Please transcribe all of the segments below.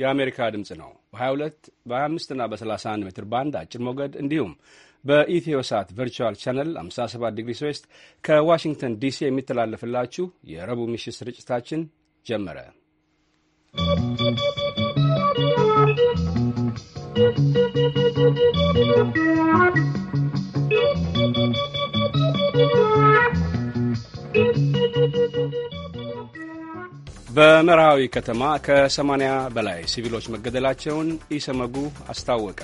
የአሜሪካ ድምፅ ነው። በ22 በ25 እና በ31 ሜትር ባንድ አጭር ሞገድ እንዲሁም ሳት ቨርቹዋል ቻነል 57 ዲግሪ ስዌስት ከዋሽንግተን ዲሲ የሚተላለፍላችሁ የረቡዕ ምሽት ስርጭታችን ጀመረ። ¶¶ በመርሃዊ ከተማ ከ80 በላይ ሲቪሎች መገደላቸውን ኢሰመጉ አስታወቀ።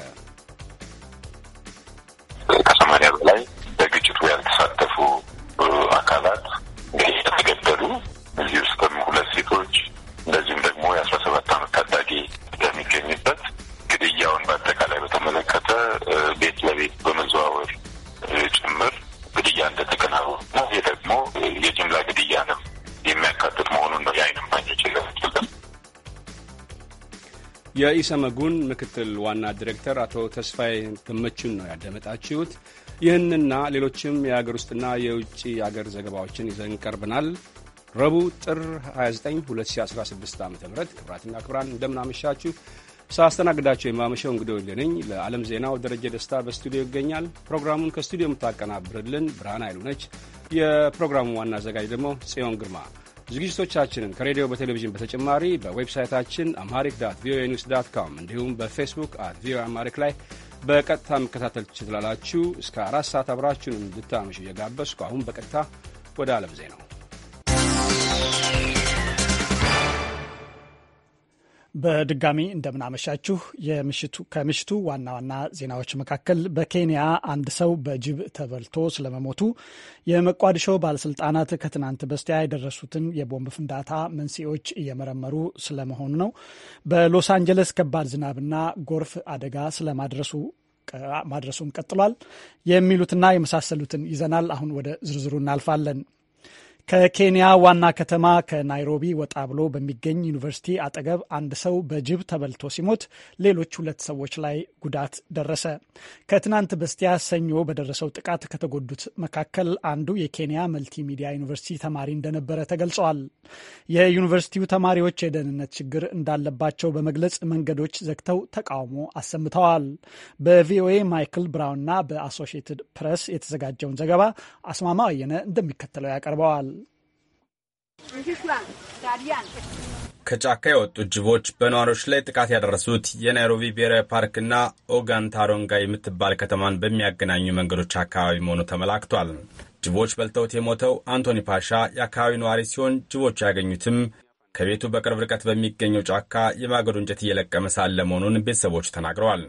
የኢሰመጉን ምክትል ዋና ዲሬክተር አቶ ተስፋዬ ተመቹን ነው ያደመጣችሁት። ይህንና ሌሎችም የአገር ውስጥና የውጭ አገር ዘገባዎችን ይዘን ቀርበናል። ረቡዕ ጥር 29 2016 ዓ ም ክብራትና ክብራን እንደምናመሻችሁ ሳስተናግዳቸው የማመሸው እንግዲህ ልንኝ ለዓለም ዜናው ደረጀ ደስታ በስቱዲዮ ይገኛል። ፕሮግራሙን ከስቱዲዮ የምታቀናብርልን ብርሃን አይሉ ነች። የፕሮግራሙ ዋና አዘጋጅ ደግሞ ጽዮን ግርማ ዝግጅቶቻችንን ከሬዲዮ በቴሌቪዥን በተጨማሪ በዌብሳይታችን አምሃሪክ ዳት ቪኦኤ ኒውስ ዳት ካም እንዲሁም በፌስቡክ አት ቪኦኤ አምሃሪክ ላይ በቀጥታ መከታተል ትችላላችሁ። እስከ አራት ሰዓት አብራችሁን እንድታመሹ እየጋበዝኩ አሁን በቀጥታ ወደ ዓለም ዜናው በድጋሚ እንደምናመሻችሁ ከምሽቱ ዋና ዋና ዜናዎች መካከል በኬንያ አንድ ሰው በጅብ ተበልቶ ስለመሞቱ፣ የመቋድሾ ባለስልጣናት ከትናንት በስቲያ የደረሱትን የቦምብ ፍንዳታ መንስኤዎች እየመረመሩ ስለመሆኑ ነው፣ በሎስ አንጀለስ ከባድ ዝናብና ጎርፍ አደጋ ስለማድረሱ ማድረሱን ቀጥሏል፣ የሚሉትና የመሳሰሉትን ይዘናል። አሁን ወደ ዝርዝሩ እናልፋለን። ከኬንያ ዋና ከተማ ከናይሮቢ ወጣ ብሎ በሚገኝ ዩኒቨርሲቲ አጠገብ አንድ ሰው በጅብ ተበልቶ ሲሞት ሌሎች ሁለት ሰዎች ላይ ጉዳት ደረሰ። ከትናንት በስቲያ ሰኞ በደረሰው ጥቃት ከተጎዱት መካከል አንዱ የኬንያ መልቲሚዲያ ዩኒቨርሲቲ ተማሪ እንደነበረ ተገልጸዋል። የዩኒቨርሲቲው ተማሪዎች የደህንነት ችግር እንዳለባቸው በመግለጽ መንገዶች ዘግተው ተቃውሞ አሰምተዋል። በቪኦኤ ማይክል ብራውንና በአሶሺየትድ ፕሬስ የተዘጋጀውን ዘገባ አስማማ አየነ እንደሚከተለው ያቀርበዋል። ከጫካ የወጡት ጅቦች በነዋሪዎች ላይ ጥቃት ያደረሱት የናይሮቢ ብሔራዊ ፓርክና ኦጋን ታሮንጋ የምትባል ከተማን በሚያገናኙ መንገዶች አካባቢ መሆኑ ተመላክቷል። ጅቦች በልተውት የሞተው አንቶኒ ፓሻ የአካባቢው ነዋሪ ሲሆን ጅቦች ያገኙትም ከቤቱ በቅርብ ርቀት በሚገኘው ጫካ የማገዶ እንጨት እየለቀመ ሳለ መሆኑን ቤተሰቦቹ ተናግረዋል።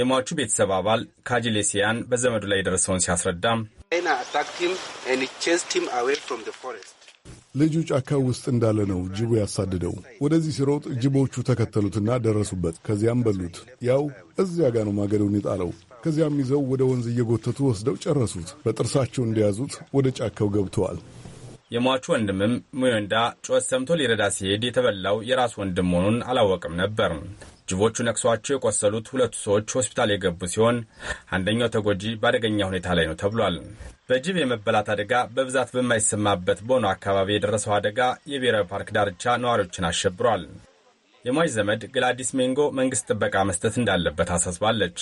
የሟቹ ቤተሰብ አባል ካጂሌሲያን በዘመዱ ላይ የደረሰውን ሲያስረዳም ልጁ ጫካው ውስጥ እንዳለ ነው ጅቡ ያሳድደው። ወደዚህ ሲሮጥ ጅቦቹ ተከተሉትና ደረሱበት። ከዚያም በሉት። ያው እዚያ ጋ ነው ማገዶን የጣለው። ከዚያም ይዘው ወደ ወንዝ እየጎተቱ ወስደው ጨረሱት። በጥርሳቸው እንደያዙት ወደ ጫካው ገብተዋል። የሟቹ ወንድምም ሙዮንዳ ጩኸት ሰምቶ ሊረዳ ሲሄድ የተበላው የራሱ ወንድም መሆኑን አላወቅም ነበር። ጅቦቹ ነክሷቸው የቆሰሉት ሁለቱ ሰዎች ሆስፒታል የገቡ ሲሆን አንደኛው ተጎጂ በአደገኛ ሁኔታ ላይ ነው ተብሏል። በጅብ የመበላት አደጋ በብዛት በማይሰማበት በሆነ አካባቢ የደረሰው አደጋ የብሔራዊ ፓርክ ዳርቻ ነዋሪዎችን አሸብሯል። የሟች ዘመድ ግላዲስ ሜንጎ መንግስት ጥበቃ መስጠት እንዳለበት አሳስባለች።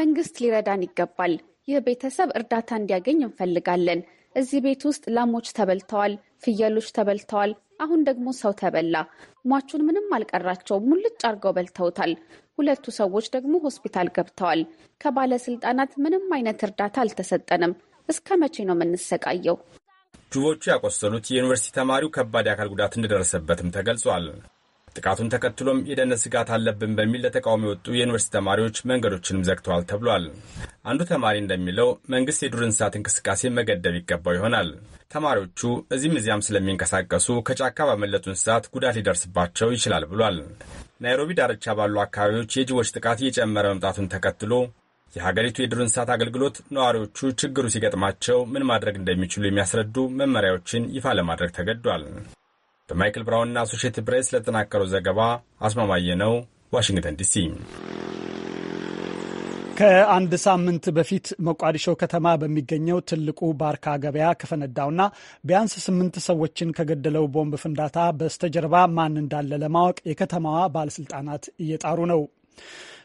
መንግስት ሊረዳን ይገባል። ይህ ቤተሰብ እርዳታ እንዲያገኝ እንፈልጋለን። እዚህ ቤት ውስጥ ላሞች ተበልተዋል፣ ፍየሎች ተበልተዋል። አሁን ደግሞ ሰው ተበላ። ሟቹን ምንም አልቀራቸውም፣ ሙልጭ አድርገው በልተውታል። ሁለቱ ሰዎች ደግሞ ሆስፒታል ገብተዋል። ከባለስልጣናት ምንም አይነት እርዳታ አልተሰጠንም። እስከ መቼ ነው የምንሰቃየው? ጁቦቹ ያቆሰሉት የዩኒቨርሲቲ ተማሪው ከባድ የአካል ጉዳት እንደደረሰበትም ተገልጿል። ጥቃቱን ተከትሎም የደህንነት ስጋት አለብን በሚል ለተቃውሞ የወጡ የዩኒቨርሲቲ ተማሪዎች መንገዶችንም ዘግተዋል ተብሏል። አንዱ ተማሪ እንደሚለው መንግስት የዱር እንስሳት እንቅስቃሴ መገደብ ይገባው ይሆናል። ተማሪዎቹ እዚህም እዚያም ስለሚንቀሳቀሱ ከጫካ ባመለጡ እንስሳት ጉዳት ሊደርስባቸው ይችላል ብሏል። ናይሮቢ ዳርቻ ባሉ አካባቢዎች የጅቦች ጥቃት እየጨመረ መምጣቱን ተከትሎ የሀገሪቱ የዱር እንስሳት አገልግሎት ነዋሪዎቹ ችግሩ ሲገጥማቸው ምን ማድረግ እንደሚችሉ የሚያስረዱ መመሪያዎችን ይፋ ለማድረግ ተገዷል። በማይክል ብራውንና አሶሽትድ ፕሬስ ለተጠናከረው ዘገባ አስማማየ ነው፣ ዋሽንግተን ዲሲ። ከአንድ ሳምንት በፊት ሞቃዲሾ ከተማ በሚገኘው ትልቁ ባርካ ገበያ ከፈነዳውና ቢያንስ ስምንት ሰዎችን ከገደለው ቦምብ ፍንዳታ በስተጀርባ ማን እንዳለ ለማወቅ የከተማዋ ባለስልጣናት እየጣሩ ነው።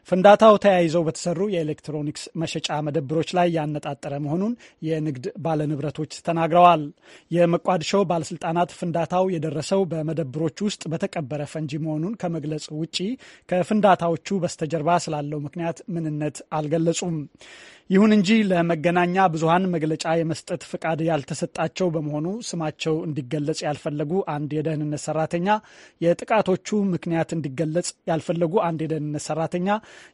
ፍንዳታው ተያይዘው በተሰሩ የኤሌክትሮኒክስ መሸጫ መደብሮች ላይ ያነጣጠረ መሆኑን የንግድ ባለንብረቶች ተናግረዋል። የመቋድሾ ባለስልጣናት ፍንዳታው የደረሰው በመደብሮች ውስጥ በተቀበረ ፈንጂ መሆኑን ከመግለጽ ውጪ ከፍንዳታዎቹ በስተጀርባ ስላለው ምክንያት ምንነት አልገለጹም። ይሁን እንጂ ለመገናኛ ብዙሃን መግለጫ የመስጠት ፍቃድ ያልተሰጣቸው በመሆኑ ስማቸው እንዲገለጽ ያልፈለጉ አንድ የደህንነት ሰራተኛ የጥቃቶቹ ምክንያት እንዲገለጽ ያልፈለጉ አንድ የደህንነት ሰራተኛ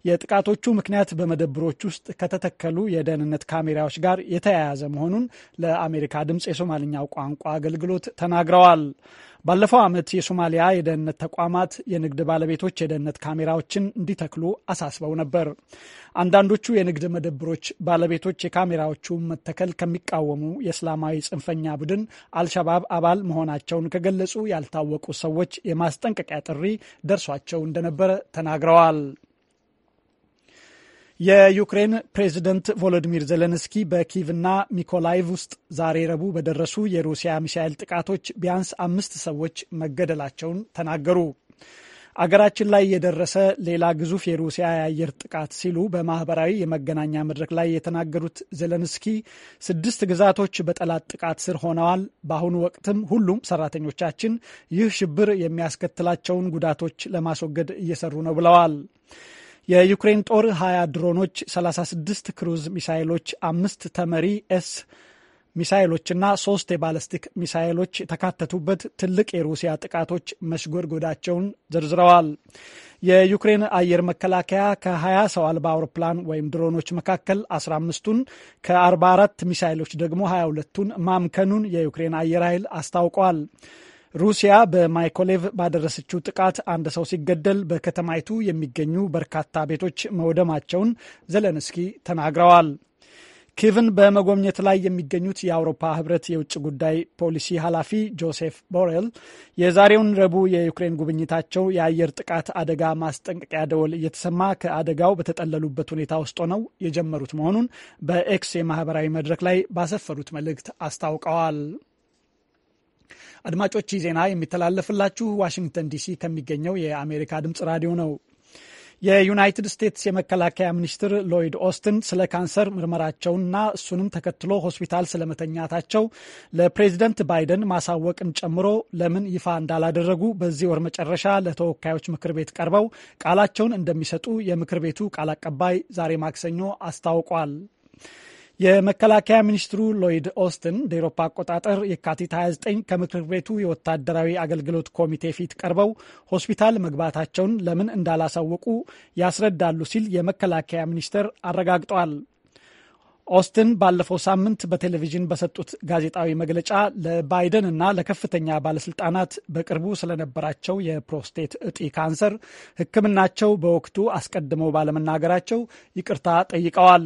የጥቃቶቹ ምክንያት በመደብሮች ውስጥ ከተተከሉ የደህንነት ካሜራዎች ጋር የተያያዘ መሆኑን ለአሜሪካ ድምፅ የሶማልኛው ቋንቋ አገልግሎት ተናግረዋል። ባለፈው ዓመት የሶማሊያ የደህንነት ተቋማት የንግድ ባለቤቶች የደህንነት ካሜራዎችን እንዲተክሉ አሳስበው ነበር። አንዳንዶቹ የንግድ መደብሮች ባለቤቶች የካሜራዎቹ መተከል ከሚቃወሙ የእስላማዊ ጽንፈኛ ቡድን አልሸባብ አባል መሆናቸውን ከገለጹ ያልታወቁ ሰዎች የማስጠንቀቂያ ጥሪ ደርሷቸው እንደነበረ ተናግረዋል። የዩክሬን ፕሬዝደንት ቮሎዲሚር ዜሌንስኪ በኪቭና ሚኮላይቭ ውስጥ ዛሬ ረቡዕ በደረሱ የሩሲያ ሚሳኤል ጥቃቶች ቢያንስ አምስት ሰዎች መገደላቸውን ተናገሩ። አገራችን ላይ የደረሰ ሌላ ግዙፍ የሩሲያ የአየር ጥቃት ሲሉ በማህበራዊ የመገናኛ መድረክ ላይ የተናገሩት ዘለንስኪ ስድስት ግዛቶች በጠላት ጥቃት ስር ሆነዋል። በአሁኑ ወቅትም ሁሉም ሰራተኞቻችን ይህ ሽብር የሚያስከትላቸውን ጉዳቶች ለማስወገድ እየሰሩ ነው ብለዋል። የዩክሬን ጦር 20 ድሮኖች፣ 36 ክሩዝ ሚሳይሎች፣ አምስት ተመሪ ኤስ ሚሳይሎችና ሶስት የባለስቲክ ሚሳይሎች የተካተቱበት ትልቅ የሩሲያ ጥቃቶች መሽጎድጎዳቸውን ዘርዝረዋል። የዩክሬን አየር መከላከያ ከ20 ሰው አልባ አውሮፕላን ወይም ድሮኖች መካከል 15ቱን ከ44 ሚሳይሎች ደግሞ 22ቱን ማምከኑን የዩክሬን አየር ኃይል አስታውቋል። ሩሲያ በማይኮሌቭ ባደረሰችው ጥቃት አንድ ሰው ሲገደል በከተማይቱ የሚገኙ በርካታ ቤቶች መውደማቸውን ዘለንስኪ ተናግረዋል። ኪቭን በመጎብኘት ላይ የሚገኙት የአውሮፓ ህብረት የውጭ ጉዳይ ፖሊሲ ኃላፊ ጆሴፍ ቦሬል የዛሬውን ረቡዕ የዩክሬን ጉብኝታቸው የአየር ጥቃት አደጋ ማስጠንቀቂያ ደወል እየተሰማ ከአደጋው በተጠለሉበት ሁኔታ ውስጥ ሆነው የጀመሩት መሆኑን በኤክስ የማህበራዊ መድረክ ላይ ባሰፈሩት መልእክት አስታውቀዋል። አድማጮች ይህ ዜና የሚተላለፍላችሁ ዋሽንግተን ዲሲ ከሚገኘው የአሜሪካ ድምጽ ራዲዮ ነው። የዩናይትድ ስቴትስ የመከላከያ ሚኒስትር ሎይድ ኦስትን ስለ ካንሰር ምርመራቸውንና እሱንም ተከትሎ ሆስፒታል ስለመተኛታቸው ለፕሬዚደንት ባይደን ማሳወቅን ጨምሮ ለምን ይፋ እንዳላደረጉ በዚህ ወር መጨረሻ ለተወካዮች ምክር ቤት ቀርበው ቃላቸውን እንደሚሰጡ የምክር ቤቱ ቃል አቀባይ ዛሬ ማክሰኞ አስታውቋል። የመከላከያ ሚኒስትሩ ሎይድ ኦስትን እንደ ኤሮፓ አቆጣጠር የካቲት 29 ከምክር ቤቱ የወታደራዊ አገልግሎት ኮሚቴ ፊት ቀርበው ሆስፒታል መግባታቸውን ለምን እንዳላሳወቁ ያስረዳሉ ሲል የመከላከያ ሚኒስቴር አረጋግጠዋል። ኦስትን ባለፈው ሳምንት በቴሌቪዥን በሰጡት ጋዜጣዊ መግለጫ ለባይደን እና ለከፍተኛ ባለስልጣናት በቅርቡ ስለነበራቸው የፕሮስቴት እጢ ካንሰር ሕክምናቸው በወቅቱ አስቀድመው ባለመናገራቸው ይቅርታ ጠይቀዋል።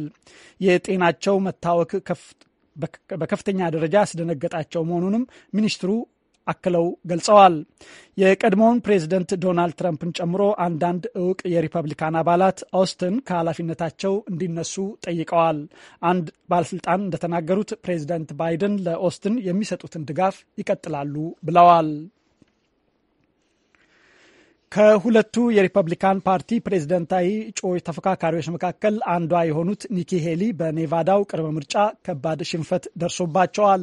የጤናቸው መታወክ በከፍተኛ ደረጃ አስደነገጣቸው መሆኑንም ሚኒስትሩ አክለው ገልጸዋል። የቀድሞውን ፕሬዝደንት ዶናልድ ትራምፕን ጨምሮ አንዳንድ እውቅ የሪፐብሊካን አባላት ኦስትን ከኃላፊነታቸው እንዲነሱ ጠይቀዋል። አንድ ባለስልጣን እንደተናገሩት ፕሬዝደንት ባይደን ለኦስትን የሚሰጡትን ድጋፍ ይቀጥላሉ ብለዋል። ከሁለቱ የሪፐብሊካን ፓርቲ ፕሬዝደንታዊ እጩዎች ተፎካካሪዎች መካከል አንዷ የሆኑት ኒኪ ሄሊ በኔቫዳው ቅድመ ምርጫ ከባድ ሽንፈት ደርሶባቸዋል።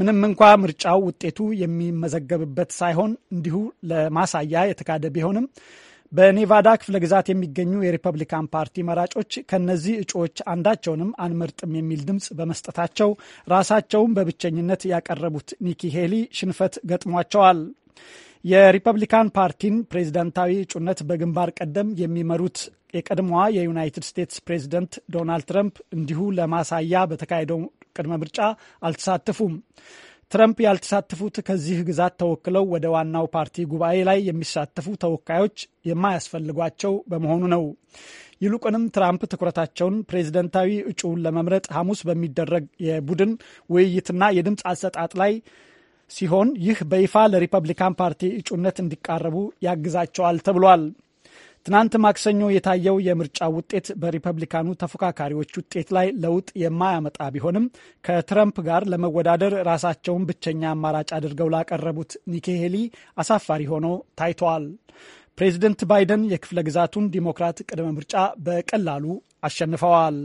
ምንም እንኳ ምርጫው ውጤቱ የሚመዘገብበት ሳይሆን እንዲሁ ለማሳያ የተካሄደ ቢሆንም በኔቫዳ ክፍለ ግዛት የሚገኙ የሪፐብሊካን ፓርቲ መራጮች ከነዚህ እጩዎች አንዳቸውንም አንመርጥም የሚል ድምፅ በመስጠታቸው ራሳቸውን በብቸኝነት ያቀረቡት ኒኪ ሄሊ ሽንፈት ገጥሟቸዋል። የሪፐብሊካን ፓርቲን ፕሬዝደንታዊ እጩነት በግንባር ቀደም የሚመሩት የቀድሞዋ የዩናይትድ ስቴትስ ፕሬዝደንት ዶናልድ ትረምፕ እንዲሁ ለማሳያ በተካሄደው ቅድመ ምርጫ አልተሳተፉም። ትረምፕ ያልተሳተፉት ከዚህ ግዛት ተወክለው ወደ ዋናው ፓርቲ ጉባኤ ላይ የሚሳተፉ ተወካዮች የማያስፈልጓቸው በመሆኑ ነው። ይልቁንም ትራምፕ ትኩረታቸውን ፕሬዝደንታዊ እጩውን ለመምረጥ ሐሙስ በሚደረግ የቡድን ውይይትና የድምፅ አሰጣጥ ላይ ሲሆን ይህ በይፋ ለሪፐብሊካን ፓርቲ እጩነት እንዲቃረቡ ያግዛቸዋል ተብሏል። ትናንት ማክሰኞ የታየው የምርጫ ውጤት በሪፐብሊካኑ ተፎካካሪዎች ውጤት ላይ ለውጥ የማያመጣ ቢሆንም ከትረምፕ ጋር ለመወዳደር ራሳቸውን ብቸኛ አማራጭ አድርገው ላቀረቡት ኒኪ ሄሊ አሳፋሪ ሆኖ ታይተዋል። ፕሬዚደንት ባይደን የክፍለ ግዛቱን ዲሞክራት ቅድመ ምርጫ በቀላሉ አሸንፈዋል።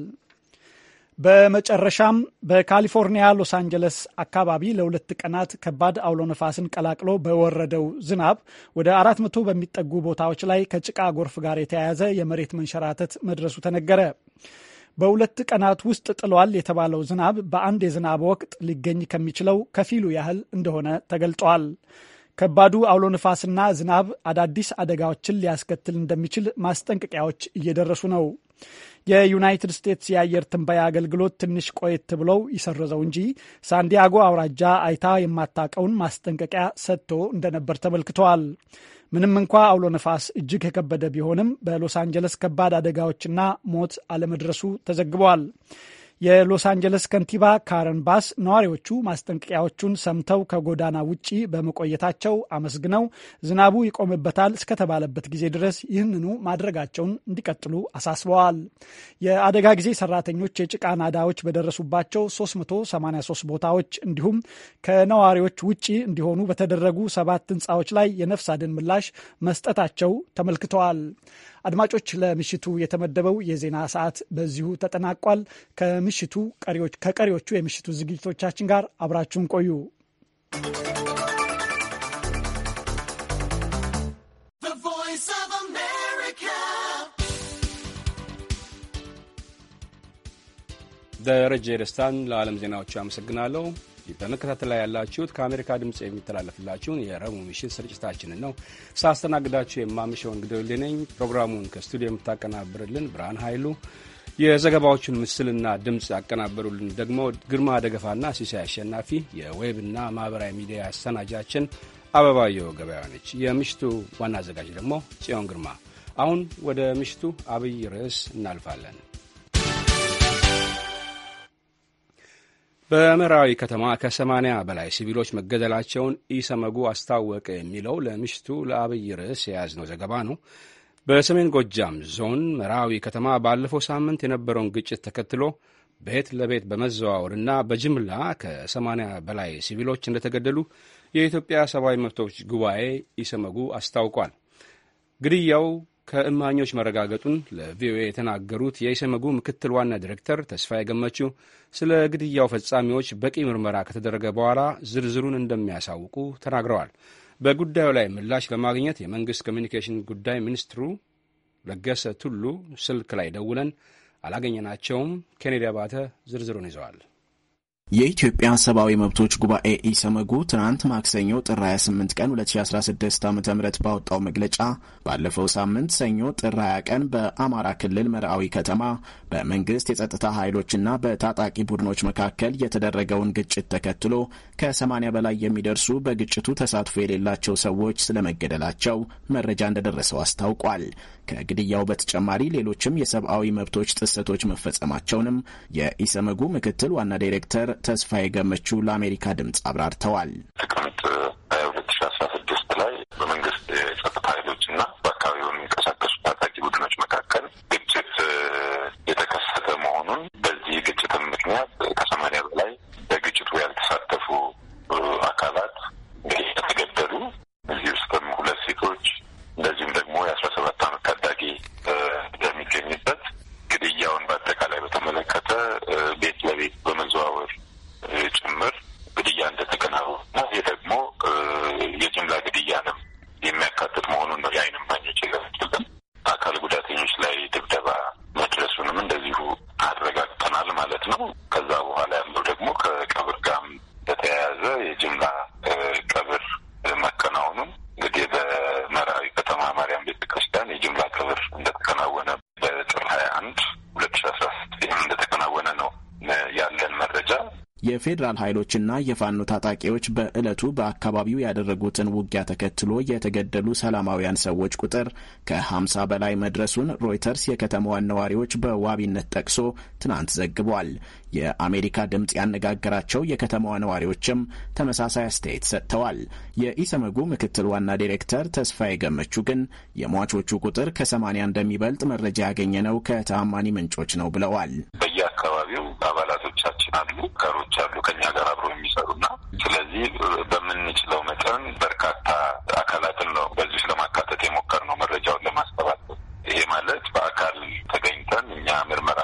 በመጨረሻም በካሊፎርኒያ ሎስ አንጀለስ አካባቢ ለሁለት ቀናት ከባድ አውሎ ነፋስን ቀላቅሎ በወረደው ዝናብ ወደ አራት መቶ በሚጠጉ ቦታዎች ላይ ከጭቃ ጎርፍ ጋር የተያያዘ የመሬት መንሸራተት መድረሱ ተነገረ። በሁለት ቀናት ውስጥ ጥሏል የተባለው ዝናብ በአንድ የዝናብ ወቅት ሊገኝ ከሚችለው ከፊሉ ያህል እንደሆነ ተገልጧል። ከባዱ አውሎ ነፋስና ዝናብ አዳዲስ አደጋዎችን ሊያስከትል እንደሚችል ማስጠንቀቂያዎች እየደረሱ ነው። የዩናይትድ ስቴትስ የአየር ትንበያ አገልግሎት ትንሽ ቆየት ብለው ይሰረዘው እንጂ ሳንዲያጎ አውራጃ አይታ የማታቀውን ማስጠንቀቂያ ሰጥቶ እንደነበር ተመልክተዋል። ምንም እንኳ አውሎ ነፋስ እጅግ የከበደ ቢሆንም በሎስ አንጀለስ ከባድ አደጋዎችና ሞት አለመድረሱ ተዘግበዋል። የሎስ አንጀለስ ከንቲባ ካረን ባስ ነዋሪዎቹ ማስጠንቀቂያዎቹን ሰምተው ከጎዳና ውጪ በመቆየታቸው አመስግነው ዝናቡ ይቆምበታል እስከተባለበት ጊዜ ድረስ ይህንኑ ማድረጋቸውን እንዲቀጥሉ አሳስበዋል። የአደጋ ጊዜ ሰራተኞች የጭቃ ናዳዎች በደረሱባቸው 383 ቦታዎች እንዲሁም ከነዋሪዎች ውጪ እንዲሆኑ በተደረጉ ሰባት ህንፃዎች ላይ የነፍስ አድን ምላሽ መስጠታቸው ተመልክተዋል። አድማጮች፣ ለምሽቱ የተመደበው የዜና ሰዓት በዚሁ ተጠናቋል። ከምሽቱ ከቀሪዎቹ የምሽቱ ዝግጅቶቻችን ጋር አብራችሁን ቆዩ። ደረጀ ደስታን ለዓለም ዜናዎቹ አመሰግናለሁ። በመከታተል ላይ ያላችሁት ከአሜሪካ ድምፅ የሚተላለፍላችሁን የረቡዕ ምሽት ስርጭታችንን ነው። ሳስተናግዳችሁ የማምሸው እንግዲህ ነኝ። ፕሮግራሙን ከስቱዲዮ የምታቀናብርልን ብርሃን ኃይሉ፣ የዘገባዎቹን ምስልና ድምፅ ያቀናበሩልን ደግሞ ግርማ ደገፋና ሲሳይ አሸናፊ፣ የዌብና ማህበራዊ ሚዲያ አሰናጃችን አበባየው ገበያ ነች። የምሽቱ ዋና አዘጋጅ ደግሞ ጽዮን ግርማ። አሁን ወደ ምሽቱ አብይ ርዕስ እናልፋለን። በምዕራዊ ከተማ ከሰማንያ በላይ ሲቪሎች መገደላቸውን ኢሰመጉ አስታወቀ የሚለው ለምሽቱ ለአብይ ርዕስ የያዝነው ዘገባ ነው። በሰሜን ጎጃም ዞን ምዕራዊ ከተማ ባለፈው ሳምንት የነበረውን ግጭት ተከትሎ ቤት ለቤት በመዘዋወርና በጅምላ ከ በላይ ሲቪሎች እንደተገደሉ የኢትዮጵያ ሰብአዊ መብቶች ጉባኤ ኢሰመጉ አስታውቋል። ግድያው ከእማኞች መረጋገጡን ለቪኦኤ የተናገሩት የኢሰመጉ ምክትል ዋና ዲሬክተር ተስፋዬ ገመቹ ስለ ግድያው ፈጻሚዎች በቂ ምርመራ ከተደረገ በኋላ ዝርዝሩን እንደሚያሳውቁ ተናግረዋል። በጉዳዩ ላይ ምላሽ ለማግኘት የመንግሥት ኮሚኒኬሽን ጉዳይ ሚኒስትሩ ለገሰ ቱሉ ስልክ ላይ ደውለን አላገኘናቸውም። ኬኔዲ አባተ ዝርዝሩን ይዘዋል። የኢትዮጵያ ሰብአዊ መብቶች ጉባኤ ኢሰመጉ ትናንት ማክሰኞ ጥር 28 ቀን 2016 ዓ ም ባወጣው መግለጫ ባለፈው ሳምንት ሰኞ ጥር 20 ቀን በአማራ ክልል መርአዊ ከተማ በመንግስት የጸጥታ ኃይሎችና በታጣቂ ቡድኖች መካከል የተደረገውን ግጭት ተከትሎ ከ80 በላይ የሚደርሱ በግጭቱ ተሳትፎ የሌላቸው ሰዎች ስለመገደላቸው መረጃ እንደደረሰው አስታውቋል። ከግድያው በተጨማሪ ሌሎችም የሰብአዊ መብቶች ጥሰቶች መፈጸማቸውንም የኢሰመጉ ምክትል ዋና ዳይሬክተር ተስፋዬ ገመቹ ለአሜሪካ ድምፅ አብራርተዋል። ጥቅምት ሁለት ሺ አስራ ስድስት ላይ በመንግስት የፌዴራል ኃይሎችና የፋኖ ታጣቂዎች በዕለቱ በአካባቢው ያደረጉትን ውጊያ ተከትሎ የተገደሉ ሰላማውያን ሰዎች ቁጥር ከ50 በላይ መድረሱን ሮይተርስ የከተማዋን ነዋሪዎች በዋቢነት ጠቅሶ ትናንት ዘግቧል። የአሜሪካ ድምፅ ያነጋገራቸው የከተማዋ ነዋሪዎችም ተመሳሳይ አስተያየት ሰጥተዋል። የኢሰመጉ ምክትል ዋና ዲሬክተር ተስፋዬ ገመቹ ግን የሟቾቹ ቁጥር ከሰማንያ እንደሚበልጥ መረጃ ያገኘ ነው ከተአማኒ ምንጮች ነው ብለዋል። በየአካባቢው አባላቶቻችን አሉ፣ ከሮች አሉ ከኛ ጋር አብረው የሚሰሩና ስለዚህ በምንችለው መጠን በርካታ አካላትን ነው በዚህ ለማካተት የሞከርነው መረጃውን ለማስተባበር። ይሄ ማለት በአካል ተገኝተን እኛ ምርመራ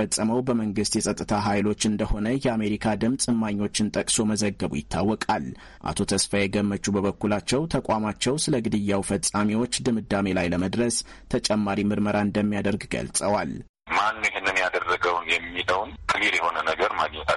የተፈጸመው በመንግስት የጸጥታ ኃይሎች እንደሆነ የአሜሪካ ድምፅ እማኞችን ጠቅሶ መዘገቡ ይታወቃል። አቶ ተስፋዬ ገመቹ በበኩላቸው ተቋማቸው ስለ ግድያው ፈጻሚዎች ድምዳሜ ላይ ለመድረስ ተጨማሪ ምርመራ እንደሚያደርግ ገልጸዋል። ማን ይህንን ያደረገውን የሚለውን ክሊር የሆነ ነገር ማግኘት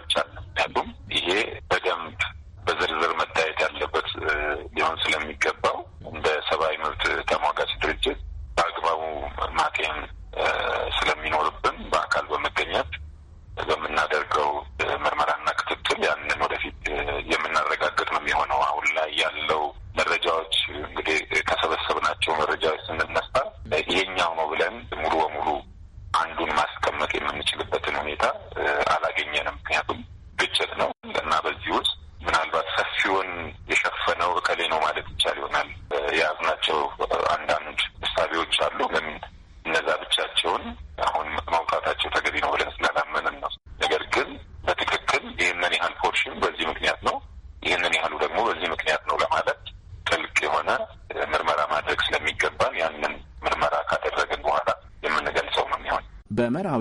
ነው እከሌ ነው ማለት ይቻል ይሆናል። የያዝናቸው አንዳንድ እሳቤዎች አሉ ግን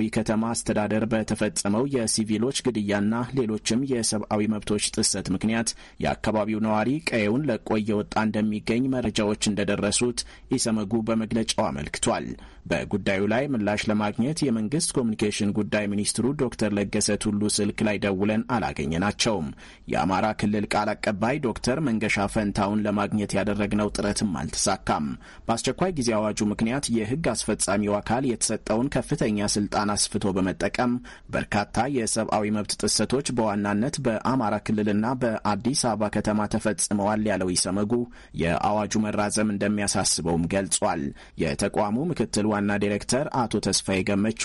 በሰሜናዊ ከተማ አስተዳደር በተፈጸመው የሲቪሎች ግድያና ሌሎችም የሰብአዊ መብቶች ጥሰት ምክንያት የአካባቢው ነዋሪ ቀየውን ለቆ እየወጣ እንደሚገኝ መረጃዎች እንደደረሱት ኢሰመጉ በመግለጫው አመልክቷል። በጉዳዩ ላይ ምላሽ ለማግኘት የመንግስት ኮሚኒኬሽን ጉዳይ ሚኒስትሩ ዶክተር ለገሰ ቱሉ ስልክ ላይ ደውለን አላገኘናቸውም። የአማራ ክልል ቃል አቀባይ ዶክተር መንገሻ ፈንታውን ለማግኘት ያደረግነው ጥረትም አልተሳካም። በአስቸኳይ ጊዜ አዋጁ ምክንያት የህግ አስፈጻሚው አካል የተሰጠውን ከፍተኛ ስልጣን ቋንቋን አስፍቶ በመጠቀም በርካታ የሰብአዊ መብት ጥሰቶች በዋናነት በአማራ ክልልና በአዲስ አበባ ከተማ ተፈጽመዋል ያለው ይሰመጉ የአዋጁ መራዘም እንደሚያሳስበውም ገልጿል። የተቋሙ ምክትል ዋና ዲሬክተር አቶ ተስፋዬ ገመቹ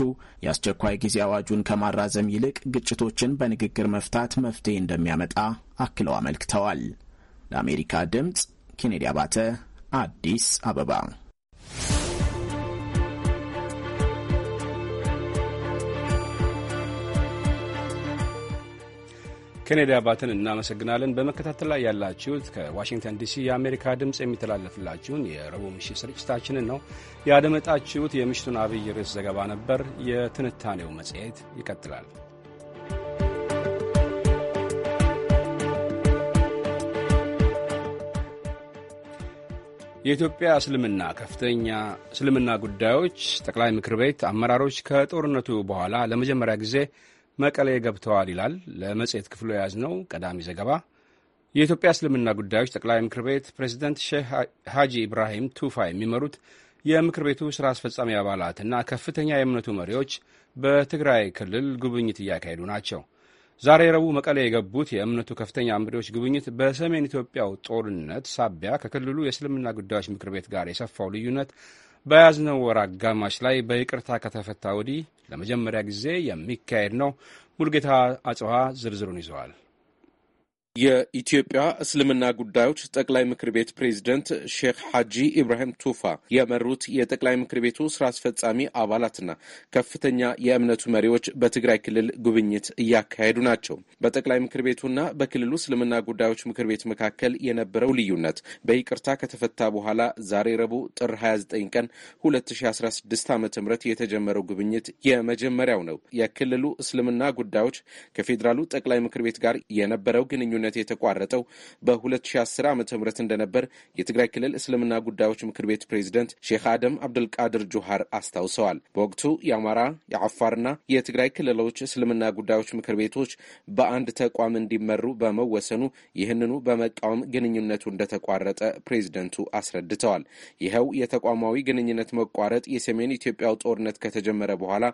የአስቸኳይ ጊዜ አዋጁን ከማራዘም ይልቅ ግጭቶችን በንግግር መፍታት መፍትሄ እንደሚያመጣ አክለው አመልክተዋል። ለአሜሪካ ድምፅ ኬኔዲ አባተ አዲስ አበባ ኬኔዲ አባትን እናመሰግናለን። በመከታተል ላይ ያላችሁት ከዋሽንግተን ዲሲ የአሜሪካ ድምፅ የሚተላለፍላችሁን የረቡዕ ምሽት ስርጭታችንን ነው ያደመጣችሁት። የምሽቱን አብይ ርዕስ ዘገባ ነበር። የትንታኔው መጽሔት ይቀጥላል። የኢትዮጵያ እስልምና ከፍተኛ እስልምና ጉዳዮች ጠቅላይ ምክር ቤት አመራሮች ከጦርነቱ በኋላ ለመጀመሪያ ጊዜ መቀሌ ገብተዋል ይላል ለመጽሔት ክፍሉ የያዝነው ቀዳሚ ዘገባ። የኢትዮጵያ እስልምና ጉዳዮች ጠቅላይ ምክር ቤት ፕሬዚደንት ሼህ ሀጂ ኢብራሂም ቱፋ የሚመሩት የምክር ቤቱ ሥራ አስፈጻሚ አባላትና ከፍተኛ የእምነቱ መሪዎች በትግራይ ክልል ጉብኝት እያካሄዱ ናቸው። ዛሬ ረቡዕ መቀሌ የገቡት የእምነቱ ከፍተኛ መሪዎች ጉብኝት በሰሜን ኢትዮጵያው ጦርነት ሳቢያ ከክልሉ የእስልምና ጉዳዮች ምክር ቤት ጋር የሰፋው ልዩነት በያዝነው ወር አጋማሽ ላይ በይቅርታ ከተፈታ ወዲህ ለመጀመሪያ ጊዜ የሚካሄድ ነው። ሙልጌታ አጽዋ ዝርዝሩን ይዘዋል። የኢትዮጵያ እስልምና ጉዳዮች ጠቅላይ ምክር ቤት ፕሬዚደንት ሼክ ሐጂ ኢብራሂም ቱፋ የመሩት የጠቅላይ ምክር ቤቱ ስራ አስፈጻሚ አባላትና ከፍተኛ የእምነቱ መሪዎች በትግራይ ክልል ጉብኝት እያካሄዱ ናቸው። በጠቅላይ ምክር ቤቱና በክልሉ እስልምና ጉዳዮች ምክር ቤት መካከል የነበረው ልዩነት በይቅርታ ከተፈታ በኋላ ዛሬ ረቡዕ ጥር 29 ቀን 2016 ዓ ም የተጀመረው ጉብኝት የመጀመሪያው ነው። የክልሉ እስልምና ጉዳዮች ከፌዴራሉ ጠቅላይ ምክር ቤት ጋር የነበረው ግንኙነት ግንኙነት የተቋረጠው በ2010 ዓ ም እንደነበር የትግራይ ክልል እስልምና ጉዳዮች ምክር ቤት ፕሬዚደንት ሼክ አደም አብዱልቃድር ጆሃር አስታውሰዋል። በወቅቱ የአማራ የአፋርና የትግራይ ክልሎች እስልምና ጉዳዮች ምክር ቤቶች በአንድ ተቋም እንዲመሩ በመወሰኑ ይህንኑ በመቃወም ግንኙነቱ እንደተቋረጠ ፕሬዚደንቱ አስረድተዋል። ይኸው የተቋማዊ ግንኙነት መቋረጥ የሰሜን ኢትዮጵያው ጦርነት ከተጀመረ በኋላ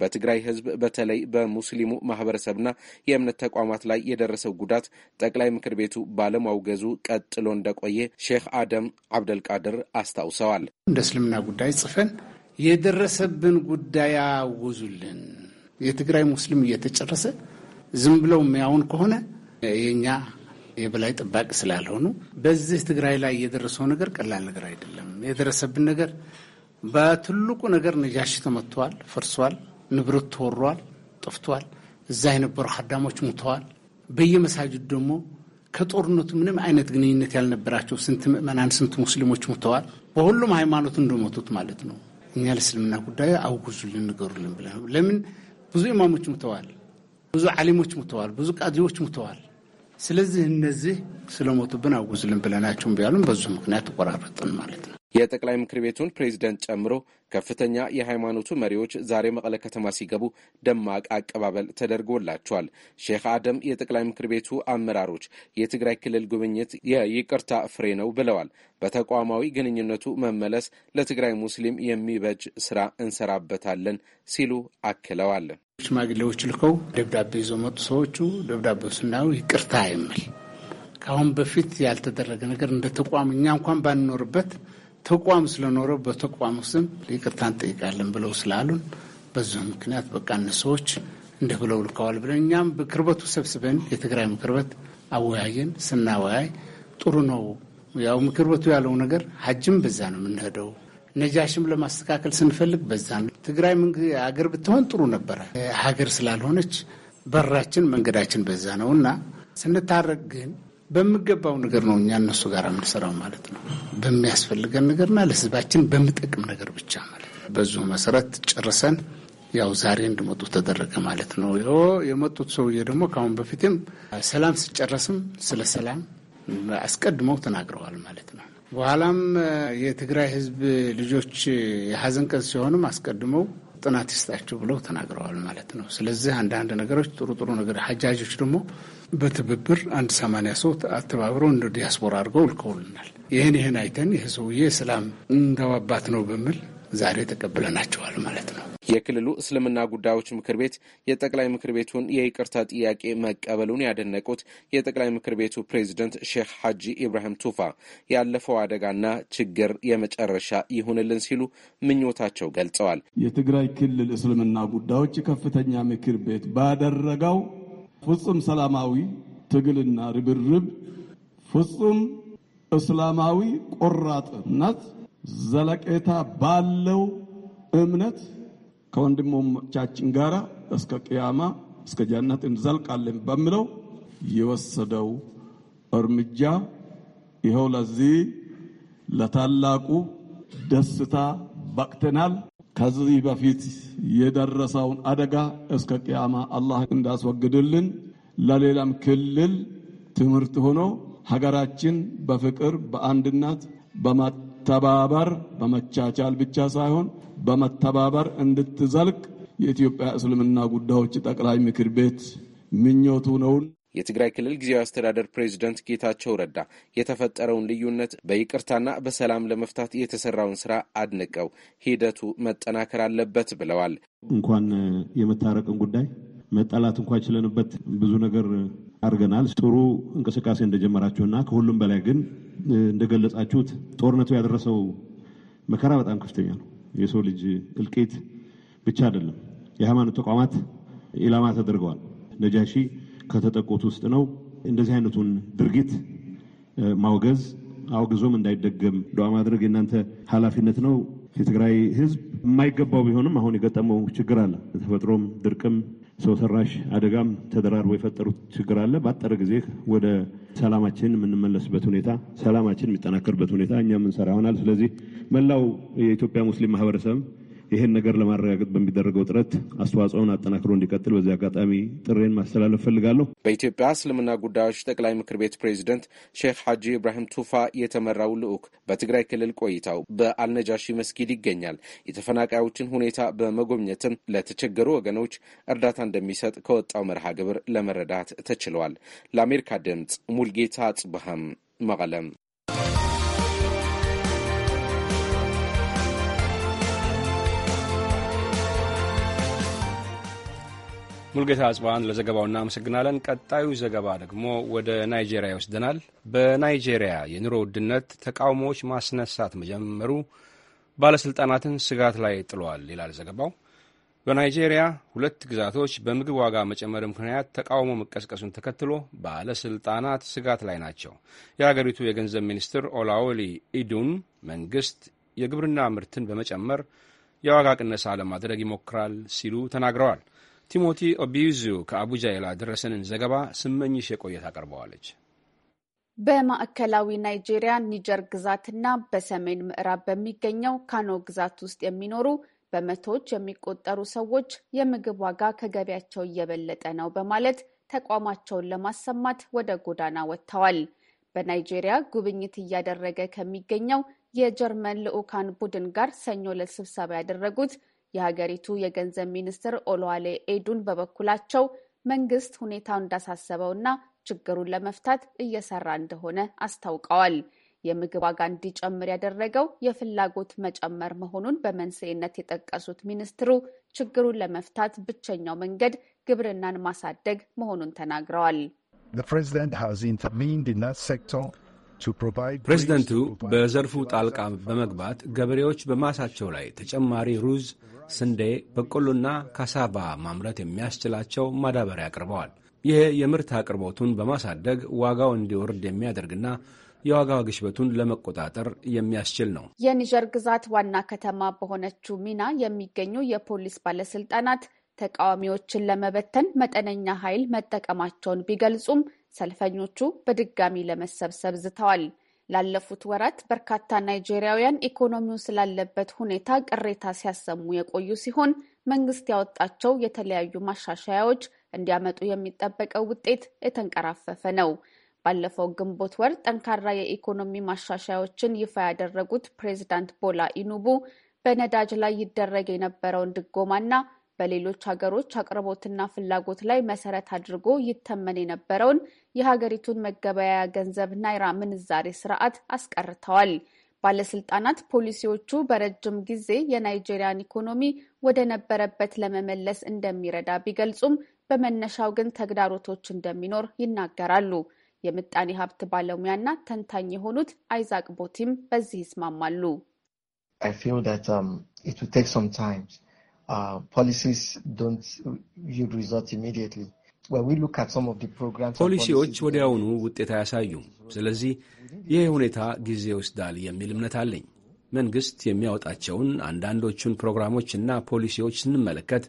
በትግራይ ሕዝብ በተለይ በሙስሊሙ ማህበረሰብና የእምነት ተቋማት ላይ የደረሰው ጉዳት ጠቅላይ ምክር ቤቱ ባለማውገዙ ቀጥሎ እንደቆየ ሼክ አደም አብደልቃድር አስታውሰዋል። እንደ እስልምና ጉዳይ ጽፈን የደረሰብን ጉዳይ አወዙልን። የትግራይ ሙስሊም እየተጨረሰ ዝም ብለው የሚያውን ከሆነ የእኛ የበላይ ጠባቂ ስላልሆኑ በዚህ ትግራይ ላይ የደረሰው ነገር ቀላል ነገር አይደለም። የደረሰብን ነገር በትልቁ ነገር ነጃሽ ተመትተዋል፣ ፈርሷል፣ ንብረት ተወሯል፣ ጠፍቷል። እዛ የነበሩ ሀዳሞች ሙተዋል። በየመሳጅድ ደግሞ ከጦርነቱ ምንም አይነት ግንኙነት ያልነበራቸው ስንት ምዕመናን ስንት ሙስሊሞች ሙተዋል። በሁሉም ሃይማኖት እንደሞቱት ማለት ነው። እኛ ለእስልምና ጉዳይ አውጉዙልን ንገሩልን ብለ ለምን ብዙ ኢማሞች ሙተዋል፣ ብዙ ዓሊሞች ሙተዋል፣ ብዙ ቃዚዎች ሙተዋል። ስለዚህ እነዚህ ስለሞቱብን አውጉዙልን ብለናቸው ቢያሉም በዙ ምክንያት ተቆራረጥን ማለት ነው። የጠቅላይ ምክር ቤቱን ፕሬዚደንት ጨምሮ ከፍተኛ የሃይማኖቱ መሪዎች ዛሬ መቀለ ከተማ ሲገቡ ደማቅ አቀባበል ተደርጎላቸዋል። ሼክ አደም የጠቅላይ ምክር ቤቱ አመራሮች የትግራይ ክልል ጉብኝት የይቅርታ ፍሬ ነው ብለዋል። በተቋማዊ ግንኙነቱ መመለስ ለትግራይ ሙስሊም የሚበጅ ስራ እንሰራበታለን ሲሉ አክለዋል። ሽማግሌዎች ልከው ደብዳቤ ይዞ መጡ። ሰዎቹ ደብዳቤው ስናየው ይቅርታ ይምል ከአሁን በፊት ያልተደረገ ነገር እንደ ተቋም እኛ እንኳን ባንኖርበት ተቋም ስለኖረው በተቋሙ ስም ይቅርታ እንጠይቃለን ብለው ስላሉን በዙ ምክንያት በቃ ሰዎች እንደ ብለው ልከዋል ብለን እኛም በክርበቱ ሰብስበን የትግራይ ምክር ቤት አወያየን። ስናወያይ ጥሩ ነው ያው ምክር ቤቱ ያለው ነገር ሀጅም በዛ ነው የምንሄደው ነጃሽም ለማስተካከል ስንፈልግ በዛ ነው። ትግራይ ሀገር ብትሆን ጥሩ ነበረ። ሀገር ስላልሆነች በራችን መንገዳችን በዛ ነው እና ስንታረቅ ግን በሚገባው ነገር ነው እኛ እነሱ ጋር የምንሰራው ማለት ነው። በሚያስፈልገን ነገርና ለህዝባችን በሚጠቅም ነገር ብቻ ማለት ነው። በዙ መሰረት ጨርሰን ያው ዛሬ እንዲመጡ ተደረገ ማለት ነው። የመጡት ሰውዬ ደግሞ ከአሁን በፊትም ሰላም ሲጨረስም ስለ ሰላም አስቀድመው ተናግረዋል ማለት ነው። በኋላም የትግራይ ህዝብ ልጆች የሀዘን ቀን ሲሆንም አስቀድመው ጥናት ይስጣቸው ብለው ተናግረዋል ማለት ነው። ስለዚህ አንዳንድ ነገሮች ጥሩ ጥሩ ነገር ሀጃጆች ደግሞ በትብብር አንድ ሰማንያ ሰው አተባብረው እንደ ዲያስፖራ አድርገው ልከውልናል። ይህን ይህን አይተን ይህ ሰውዬ ሰላም እንደው አባት ነው በሚል ዛሬ ተቀብለናቸዋል ማለት ነው። የክልሉ እስልምና ጉዳዮች ምክር ቤት የጠቅላይ ምክር ቤቱን የይቅርታ ጥያቄ መቀበሉን ያደነቁት የጠቅላይ ምክር ቤቱ ፕሬዚደንት ሼክ ሐጂ ኢብራሂም ቱፋ ያለፈው አደጋና ችግር የመጨረሻ ይሁንልን ሲሉ ምኞታቸው ገልጸዋል። የትግራይ ክልል እስልምና ጉዳዮች ከፍተኛ ምክር ቤት ባደረገው ፍጹም ሰላማዊ ትግልና ርብርብ ፍጹም እስላማዊ ቆራጥነት ዘለቄታ ባለው እምነት ከወንድሞቻችን ጋር እስከ ቅያማ እስከ ጀነት እንዘልቃለን በሚለው የወሰደው እርምጃ ይኸው ለዚህ ለታላቁ ደስታ በቅተናል። ከዚህ በፊት የደረሰውን አደጋ እስከ ቅያማ አላህ እንዳስወግድልን ለሌላም ክልል ትምህርት ሆኖ ሀገራችን በፍቅር በአንድነት በማተባበር በመቻቻል ብቻ ሳይሆን በመተባበር እንድትዘልቅ የኢትዮጵያ እስልምና ጉዳዮች ጠቅላይ ምክር ቤት ምኞቱ ነውን። የትግራይ ክልል ጊዜያዊ አስተዳደር ፕሬዚደንት ጌታቸው ረዳ የተፈጠረውን ልዩነት በይቅርታና በሰላም ለመፍታት የተሰራውን ስራ አድንቀው ሂደቱ መጠናከር አለበት ብለዋል። እንኳን የመታረቅን ጉዳይ መጣላት እንኳ ችለንበት ብዙ ነገር አድርገናል። ጥሩ እንቅስቃሴ እንደጀመራችሁና ከሁሉም በላይ ግን እንደገለጻችሁት ጦርነቱ ያደረሰው መከራ በጣም ከፍተኛ ነው። የሰው ልጅ እልቂት ብቻ አይደለም። የሃይማኖት ተቋማት ኢላማ ተደርገዋል። ነጃሺ ከተጠቁት ውስጥ ነው። እንደዚህ አይነቱን ድርጊት ማውገዝ አውግዞም እንዳይደገም ዱዓ ማድረግ የእናንተ ኃላፊነት ነው። የትግራይ ህዝብ የማይገባው ቢሆንም አሁን የገጠመው ችግር አለ። ተፈጥሮም ድርቅም ሰው ሰራሽ አደጋም ተደራርቦ የፈጠሩት ችግር አለ። ባጠረ ጊዜ ወደ ሰላማችን የምንመለስበት ሁኔታ፣ ሰላማችን የሚጠናከርበት ሁኔታ እኛ የምንሰራ ይሆናል። ስለዚህ መላው የኢትዮጵያ ሙስሊም ማህበረሰብ ይህን ነገር ለማረጋገጥ በሚደረገው ጥረት አስተዋጽኦን አጠናክሮ እንዲቀጥል በዚህ አጋጣሚ ጥሬን ማስተላለፍ ፈልጋለሁ። በኢትዮጵያ እስልምና ጉዳዮች ጠቅላይ ምክር ቤት ፕሬዚደንት ሼክ ሐጂ ኢብራሂም ቱፋ የተመራው ልዑክ በትግራይ ክልል ቆይታው በአልነጃሺ መስጊድ ይገኛል። የተፈናቃዮችን ሁኔታ በመጎብኘትም ለተቸገሩ ወገኖች እርዳታ እንደሚሰጥ ከወጣው መርሃ ግብር ለመረዳት ተችሏል። ለአሜሪካ ድምፅ ሙልጌታ ጽብሃም መቀለም ሙልጌታ አጽባን ለዘገባው እናመሰግናለን። ቀጣዩ ዘገባ ደግሞ ወደ ናይጄሪያ ይወስደናል። በናይጄሪያ የኑሮ ውድነት ተቃውሞዎች ማስነሳት መጀመሩ ባለሥልጣናትን ስጋት ላይ ጥሏል ይላል ዘገባው። በናይጄሪያ ሁለት ግዛቶች በምግብ ዋጋ መጨመር ምክንያት ተቃውሞ መቀስቀሱን ተከትሎ ባለሥልጣናት ስጋት ላይ ናቸው። የሀገሪቱ የገንዘብ ሚኒስትር ኦላወሊ ኢዱን መንግሥት የግብርና ምርትን በመጨመር የዋጋ ቅነሳ ለማድረግ ይሞክራል ሲሉ ተናግረዋል። ቲሞቲ ኦቢዩዙ ከአቡጃ የላደረሰንን ዘገባ ስመኝሽ የቆየት አቀርበዋለች። በማዕከላዊ ናይጄሪያ ኒጀር ግዛትና በሰሜን ምዕራብ በሚገኘው ካኖ ግዛት ውስጥ የሚኖሩ በመቶዎች የሚቆጠሩ ሰዎች የምግብ ዋጋ ከገቢያቸው እየበለጠ ነው በማለት ተቋማቸውን ለማሰማት ወደ ጎዳና ወጥተዋል። በናይጄሪያ ጉብኝት እያደረገ ከሚገኘው የጀርመን ልዑካን ቡድን ጋር ሰኞ ዕለት ስብሰባ ያደረጉት የሀገሪቱ የገንዘብ ሚኒስትር ኦሎዋሌ ኤዱን በበኩላቸው መንግስት ሁኔታው እንዳሳሰበውና ችግሩን ለመፍታት እየሰራ እንደሆነ አስታውቀዋል። የምግብ ዋጋ እንዲጨምር ያደረገው የፍላጎት መጨመር መሆኑን በመንስኤነት የጠቀሱት ሚኒስትሩ ችግሩን ለመፍታት ብቸኛው መንገድ ግብርናን ማሳደግ መሆኑን ተናግረዋል። ፕሬዚደንቱ በዘርፉ ጣልቃ በመግባት ገበሬዎች በማሳቸው ላይ ተጨማሪ ሩዝ፣ ስንዴ፣ በቆሎና ካሳቫ ማምረት የሚያስችላቸው ማዳበሪያ አቅርበዋል። ይህ የምርት አቅርቦቱን በማሳደግ ዋጋው እንዲወርድ የሚያደርግና የዋጋ ግሽበቱን ለመቆጣጠር የሚያስችል ነው። የኒጀር ግዛት ዋና ከተማ በሆነችው ሚና የሚገኙ የፖሊስ ባለስልጣናት ተቃዋሚዎችን ለመበተን መጠነኛ ኃይል መጠቀማቸውን ቢገልጹም ሰልፈኞቹ በድጋሚ ለመሰብሰብ ዝተዋል። ላለፉት ወራት በርካታ ናይጄሪያውያን ኢኮኖሚው ስላለበት ሁኔታ ቅሬታ ሲያሰሙ የቆዩ ሲሆን መንግስት ያወጣቸው የተለያዩ ማሻሻያዎች እንዲያመጡ የሚጠበቀው ውጤት የተንቀራፈፈ ነው። ባለፈው ግንቦት ወር ጠንካራ የኢኮኖሚ ማሻሻያዎችን ይፋ ያደረጉት ፕሬዚዳንት ቦላ ኢኑቡ በነዳጅ ላይ ይደረግ የነበረውን ድጎማና በሌሎች ሀገሮች አቅርቦትና ፍላጎት ላይ መሰረት አድርጎ ይተመን የነበረውን የሀገሪቱን መገበያያ ገንዘብ ናይራ ምንዛሬ ስርዓት አስቀርተዋል። ባለስልጣናት ፖሊሲዎቹ በረጅም ጊዜ የናይጄሪያን ኢኮኖሚ ወደ ነበረበት ለመመለስ እንደሚረዳ ቢገልጹም በመነሻው ግን ተግዳሮቶች እንደሚኖር ይናገራሉ። የምጣኔ ሀብት ባለሙያና ተንታኝ የሆኑት አይዛቅ ቦቲም በዚህ ይስማማሉ። um, ፖሊሲዎች uh, ወዲያውኑ ውጤት አያሳዩም። ስለዚህ ይህ ሁኔታ ጊዜ ይወስዳል የሚል እምነት አለኝ። መንግሥት የሚያወጣቸውን አንዳንዶቹን ፕሮግራሞች እና ፖሊሲዎች ስንመለከት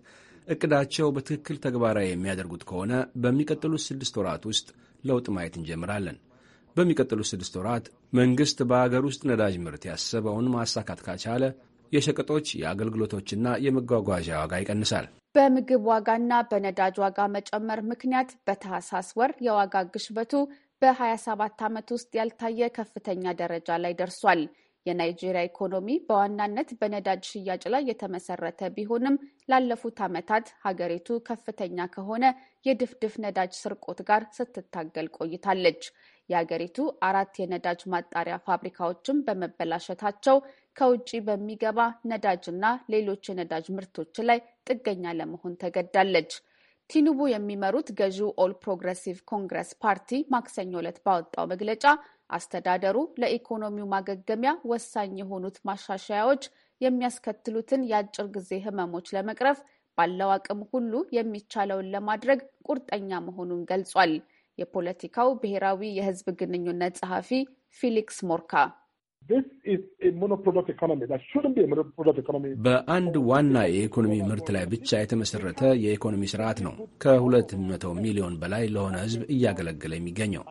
እቅዳቸው በትክክል ተግባራዊ የሚያደርጉት ከሆነ በሚቀጥሉት ስድስት ወራት ውስጥ ለውጥ ማየት እንጀምራለን። በሚቀጥሉት ስድስት ወራት መንግሥት በአገር ውስጥ ነዳጅ ምርት ያሰበውን ማሳካት ካቻለ የሸቀጦች የአገልግሎቶችና የመጓጓዣ ዋጋ ይቀንሳል። በምግብ ዋጋና በነዳጅ ዋጋ መጨመር ምክንያት በታህሳስ ወር የዋጋ ግሽበቱ በ27 ዓመት ውስጥ ያልታየ ከፍተኛ ደረጃ ላይ ደርሷል። የናይጄሪያ ኢኮኖሚ በዋናነት በነዳጅ ሽያጭ ላይ የተመሰረተ ቢሆንም ላለፉት ዓመታት ሀገሪቱ ከፍተኛ ከሆነ የድፍድፍ ነዳጅ ስርቆት ጋር ስትታገል ቆይታለች። የሀገሪቱ አራት የነዳጅ ማጣሪያ ፋብሪካዎችም በመበላሸታቸው ከውጭ በሚገባ ነዳጅና ሌሎች የነዳጅ ምርቶች ላይ ጥገኛ ለመሆን ተገዳለች። ቲኑቡ የሚመሩት ገዢው ኦል ፕሮግሬሲቭ ኮንግረስ ፓርቲ ማክሰኞ ዕለት ባወጣው መግለጫ አስተዳደሩ ለኢኮኖሚው ማገገሚያ ወሳኝ የሆኑት ማሻሻያዎች የሚያስከትሉትን የአጭር ጊዜ ህመሞች ለመቅረፍ ባለው አቅም ሁሉ የሚቻለውን ለማድረግ ቁርጠኛ መሆኑን ገልጿል። የፖለቲካው ብሔራዊ የሕዝብ ግንኙነት ጸሐፊ ፊሊክስ ሞርካ በአንድ ዋና የኢኮኖሚ ምርት ላይ ብቻ የተመሰረተ የኢኮኖሚ ስርዓት ነው ከ 200 ሚሊዮን በላይ ለሆነ ህዝብ እያገለገለ የሚገኘው።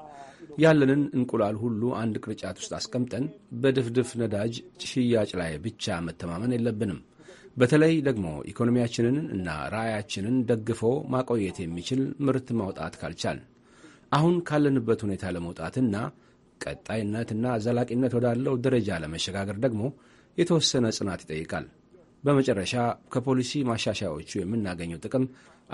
ያለንን እንቁላል ሁሉ አንድ ቅርጫት ውስጥ አስቀምጠን በድፍድፍ ነዳጅ ሽያጭ ላይ ብቻ መተማመን የለብንም። በተለይ ደግሞ ኢኮኖሚያችንን እና ራዕያችንን ደግፎ ማቆየት የሚችል ምርት ማውጣት ካልቻል አሁን ካለንበት ሁኔታ ለመውጣትና ቀጣይነትና ዘላቂነት ወዳለው ደረጃ ለመሸጋገር ደግሞ የተወሰነ ጽናት ይጠይቃል። በመጨረሻ ከፖሊሲ ማሻሻያዎቹ የምናገኘው ጥቅም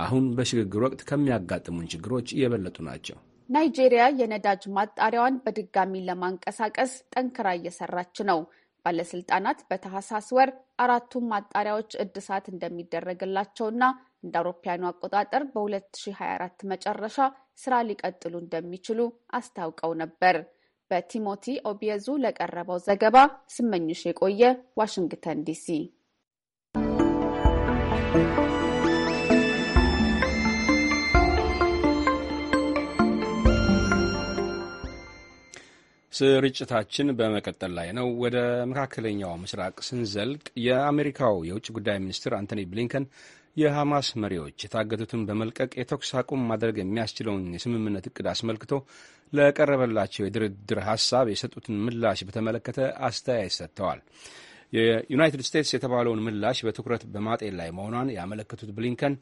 አሁን በሽግግር ወቅት ከሚያጋጥሙን ችግሮች እየበለጡ ናቸው። ናይጄሪያ የነዳጅ ማጣሪያዋን በድጋሚ ለማንቀሳቀስ ጠንክራ እየሰራች ነው። ባለስልጣናት በታህሳስ ወር አራቱም ማጣሪያዎች እድሳት እንደሚደረግላቸውና እንደ አውሮፓያኑ አቆጣጠር በ2024 መጨረሻ ስራ ሊቀጥሉ እንደሚችሉ አስታውቀው ነበር። በቲሞቲ ኦቢየዙ ለቀረበው ዘገባ ስመኝሽ የቆየ ዋሽንግተን ዲሲ። ስርጭታችን በመቀጠል ላይ ነው። ወደ መካከለኛው ምስራቅ ስንዘልቅ የአሜሪካው የውጭ ጉዳይ ሚኒስትር አንቶኒ ብሊንከን የሐማስ መሪዎች የታገቱትን በመልቀቅ የተኩስ አቁም ማድረግ የሚያስችለውን የስምምነት እቅድ አስመልክቶ ለቀረበላቸው የድርድር ሐሳብ የሰጡትን ምላሽ በተመለከተ አስተያየት ሰጥተዋል። የዩናይትድ ስቴትስ የተባለውን ምላሽ በትኩረት በማጤን ላይ መሆኗን ያመለከቱት ብሊንከን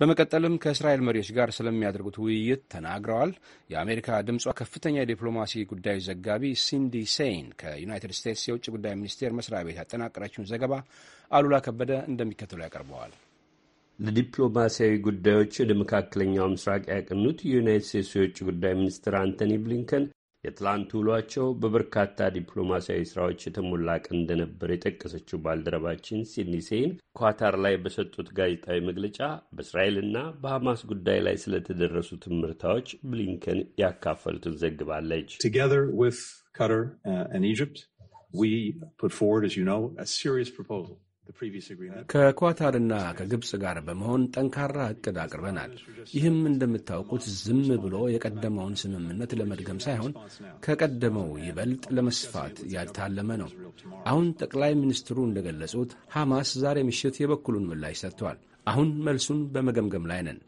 በመቀጠልም ከእስራኤል መሪዎች ጋር ስለሚያደርጉት ውይይት ተናግረዋል። የአሜሪካ ድምጿ ከፍተኛ የዲፕሎማሲ ጉዳዮች ዘጋቢ ሲንዲ ሴይን ከዩናይትድ ስቴትስ የውጭ ጉዳይ ሚኒስቴር መስሪያ ቤት ያጠናቀረችውን ዘገባ አሉላ ከበደ እንደሚከተሉ ያቀርበዋል። ለዲፕሎማሲያዊ ጉዳዮች ወደ መካከለኛው ምስራቅ ያቀኑት የዩናይት ስቴትስ የውጭ ጉዳይ ሚኒስትር አንቶኒ ብሊንከን የትላንቱ ውሏቸው በበርካታ ዲፕሎማሲያዊ ስራዎች የተሞላ ቀን እንደነበር የጠቀሰችው ባልደረባችን ሲድኒ ሴይን ኳታር ላይ በሰጡት ጋዜጣዊ መግለጫ በእስራኤልና በሐማስ ጉዳይ ላይ ስለተደረሱት ምርታዎች ብሊንከን ያካፈሉትን ዘግባለች። ከኳታርና ከግብፅ ጋር በመሆን ጠንካራ እቅድ አቅርበናል። ይህም እንደምታውቁት ዝም ብሎ የቀደመውን ስምምነት ለመድገም ሳይሆን ከቀደመው ይበልጥ ለመስፋት ያልታለመ ነው። አሁን ጠቅላይ ሚኒስትሩ እንደገለጹት ሐማስ ዛሬ ምሽት የበኩሉን ምላሽ ሰጥቷል። አሁን መልሱን በመገምገም ላይ ነን።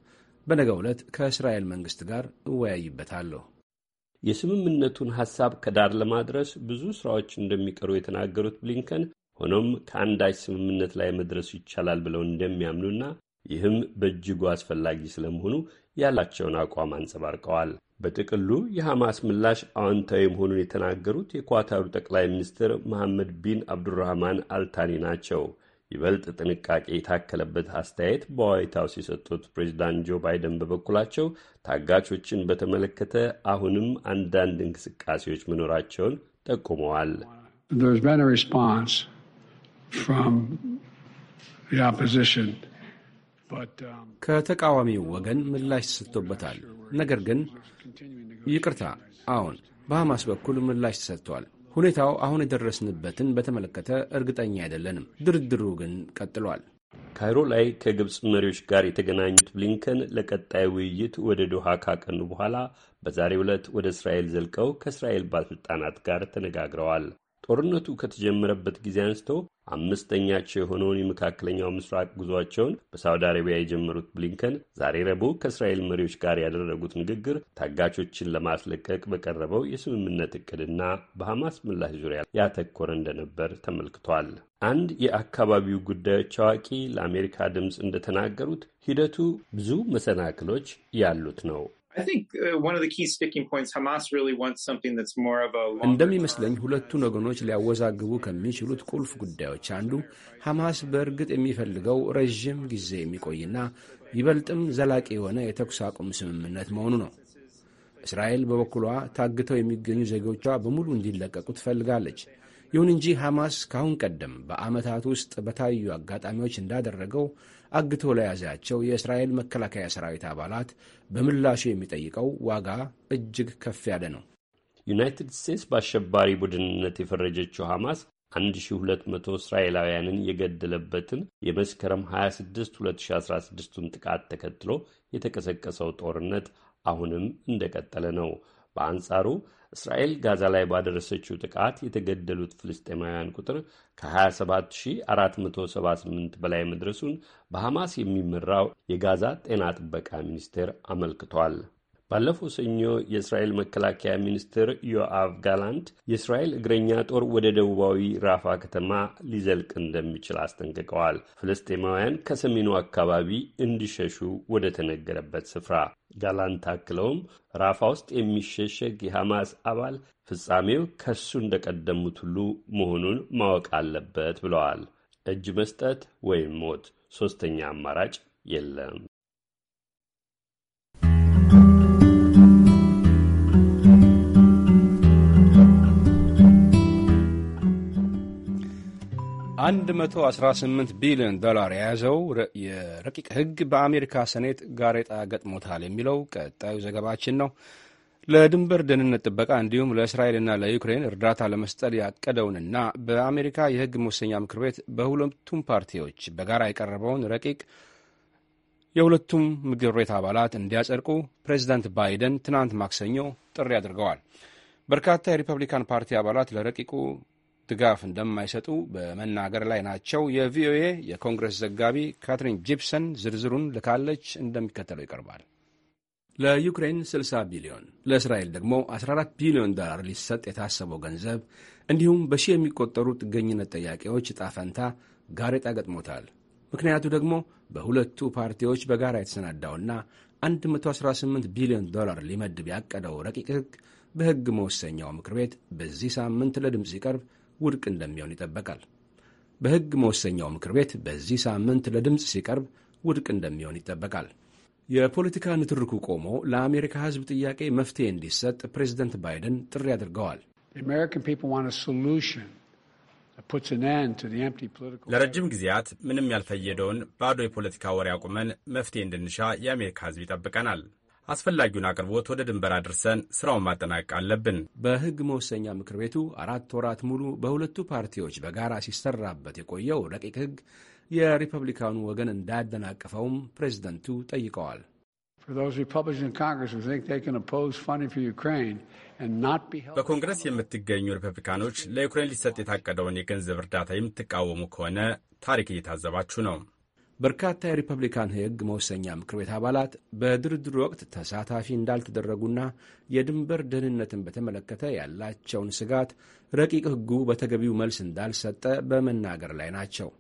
በነገው ዕለት ከእስራኤል መንግሥት ጋር እወያይበታለሁ። የስምምነቱን ሐሳብ ከዳር ለማድረስ ብዙ ሥራዎች እንደሚቀሩ የተናገሩት ብሊንከን ሆኖም ከአንዳች ስምምነት ላይ መድረሱ ይቻላል ብለው እንደሚያምኑና ይህም በእጅጉ አስፈላጊ ስለመሆኑ ያላቸውን አቋም አንጸባርቀዋል። በጥቅሉ የሐማስ ምላሽ አዎንታዊ መሆኑን የተናገሩት የኳታሩ ጠቅላይ ሚኒስትር መሐመድ ቢን አብዱራህማን አልታኒ ናቸው። ይበልጥ ጥንቃቄ የታከለበት አስተያየት በዋይት ሀውስ የሰጡት ፕሬዚዳንት ጆ ባይደን በበኩላቸው ታጋቾችን በተመለከተ አሁንም አንዳንድ እንቅስቃሴዎች መኖራቸውን ጠቁመዋል። Um, ከተቃዋሚው ወገን ምላሽ ተሰጥቶበታል። ነገር ግን ይቅርታ፣ አዎን በሐማስ በኩል ምላሽ ተሰጥቷል። ሁኔታው አሁን የደረስንበትን በተመለከተ እርግጠኛ አይደለንም። ድርድሩ ግን ቀጥሏል። ካይሮ ላይ ከግብፅ መሪዎች ጋር የተገናኙት ብሊንከን ለቀጣይ ውይይት ወደ ዶሃ ካቀኑ በኋላ በዛሬ ዕለት ወደ እስራኤል ዘልቀው ከእስራኤል ባለሥልጣናት ጋር ተነጋግረዋል። ጦርነቱ ከተጀመረበት ጊዜ አንስቶ አምስተኛቸው የሆነውን የመካከለኛው ምስራቅ ጉዟቸውን በሳውዲ አረቢያ የጀመሩት ብሊንከን ዛሬ ረቡዕ ከእስራኤል መሪዎች ጋር ያደረጉት ንግግር ታጋቾችን ለማስለቀቅ በቀረበው የስምምነት እቅድና በሐማስ ምላሽ ዙሪያ ያተኮረ እንደነበር ተመልክቷል። አንድ የአካባቢው ጉዳዮች አዋቂ ለአሜሪካ ድምፅ እንደተናገሩት ሂደቱ ብዙ መሰናክሎች ያሉት ነው። Uh, እንደሚመስለኝ ሁለቱን ወገኖች ሊያወዛግቡ ከሚችሉት ቁልፍ ጉዳዮች አንዱ ሐማስ በእርግጥ የሚፈልገው ረዥም ጊዜ የሚቆይና ይበልጥም ዘላቂ የሆነ የተኩስ አቁም ስምምነት መሆኑ ነው። እስራኤል በበኩሏ ታግተው የሚገኙ ዜጎቿ በሙሉ እንዲለቀቁ ትፈልጋለች። ይሁን እንጂ ሐማስ ካሁን ቀደም በዓመታት ውስጥ በታዩ አጋጣሚዎች እንዳደረገው አግቶ ለያዛቸው የእስራኤል መከላከያ ሰራዊት አባላት በምላሹ የሚጠይቀው ዋጋ እጅግ ከፍ ያለ ነው። ዩናይትድ ስቴትስ በአሸባሪ ቡድንነት የፈረጀችው ሐማስ 1200 እስራኤላውያንን የገደለበትን የመስከረም 26 2016ቱን ጥቃት ተከትሎ የተቀሰቀሰው ጦርነት አሁንም እንደቀጠለ ነው። በአንጻሩ እስራኤል ጋዛ ላይ ባደረሰችው ጥቃት የተገደሉት ፍልስጤማውያን ቁጥር ከ27478 በላይ መድረሱን በሐማስ የሚመራው የጋዛ ጤና ጥበቃ ሚኒስቴር አመልክቷል። ባለፈው ሰኞ የእስራኤል መከላከያ ሚኒስትር ዮአቭ ጋላንት የእስራኤል እግረኛ ጦር ወደ ደቡባዊ ራፋ ከተማ ሊዘልቅ እንደሚችል አስጠንቅቀዋል። ፍልስጤማውያን ከሰሜኑ አካባቢ እንዲሸሹ ወደ ተነገረበት ስፍራ። ጋላንት አክለውም ራፋ ውስጥ የሚሸሸግ የሐማስ አባል ፍጻሜው ከሱ እንደቀደሙት ሁሉ መሆኑን ማወቅ አለበት ብለዋል። እጅ መስጠት ወይም ሞት፣ ሦስተኛ አማራጭ የለም 118 ቢሊዮን ዶላር የያዘው የረቂቅ ሕግ በአሜሪካ ሰኔት ጋሬጣ ገጥሞታል የሚለው ቀጣዩ ዘገባችን ነው። ለድንበር ደህንነት ጥበቃ እንዲሁም ለእስራኤልና ለዩክሬን እርዳታ ለመስጠል ያቀደውንና በአሜሪካ የሕግ መወሰኛ ምክር ቤት በሁለቱም ፓርቲዎች በጋራ የቀረበውን ረቂቅ የሁለቱም ምክር ቤት አባላት እንዲያጸድቁ ፕሬዚዳንት ባይደን ትናንት ማክሰኞ ጥሪ አድርገዋል። በርካታ የሪፐብሊካን ፓርቲ አባላት ለረቂቁ ድጋፍ እንደማይሰጡ በመናገር ላይ ናቸው። የቪኦኤ የኮንግረስ ዘጋቢ ካትሪን ጂፕሰን ዝርዝሩን ልካለች፣ እንደሚከተለው ይቀርባል። ለዩክሬን 60 ቢሊዮን ለእስራኤል ደግሞ 14 ቢሊዮን ዶላር ሊሰጥ የታሰበው ገንዘብ እንዲሁም በሺህ የሚቆጠሩ ጥገኝነት ጠያቄዎች ጣፈንታ ፈንታ ጋሬጣ ገጥሞታል። ምክንያቱ ደግሞ በሁለቱ ፓርቲዎች በጋራ የተሰናዳውና 118 ቢሊዮን ዶላር ሊመድብ ያቀደው ረቂቅ ሕግ በሕግ መወሰኛው ምክር ቤት በዚህ ሳምንት ለድምፅ ሲቀርብ ውድቅ እንደሚሆን ይጠበቃል። በሕግ መወሰኛው ምክር ቤት በዚህ ሳምንት ለድምፅ ሲቀርብ ውድቅ እንደሚሆን ይጠበቃል። የፖለቲካ ንትርኩ ቆሞ ለአሜሪካ ሕዝብ ጥያቄ መፍትሄ እንዲሰጥ ፕሬዚደንት ባይደን ጥሪ አድርገዋል። ለረጅም ጊዜያት ምንም ያልፈየደውን ባዶ የፖለቲካ ወሬ አቁመን መፍትሄ እንድንሻ የአሜሪካ ሕዝብ ይጠብቀናል። አስፈላጊውን አቅርቦት ወደ ድንበር አድርሰን ስራውን ማጠናቀቅ አለብን። በህግ መወሰኛ ምክር ቤቱ አራት ወራት ሙሉ በሁለቱ ፓርቲዎች በጋራ ሲሰራበት የቆየው ረቂቅ ህግ የሪፐብሊካኑ ወገን እንዳያደናቅፈውም ፕሬዚደንቱ ጠይቀዋል። በኮንግረስ የምትገኙ ሪፐብሊካኖች ለዩክሬን ሊሰጥ የታቀደውን የገንዘብ እርዳታ የምትቃወሙ ከሆነ ታሪክ እየታዘባችሁ ነው። በርካታ የሪፐብሊካን ሕግ መወሰኛ ምክር ቤት አባላት በድርድር ወቅት ተሳታፊ እንዳልተደረጉና የድንበር ደህንነትን በተመለከተ ያላቸውን ስጋት ረቂቅ ሕጉ በተገቢው መልስ እንዳልሰጠ በመናገር ላይ ናቸው።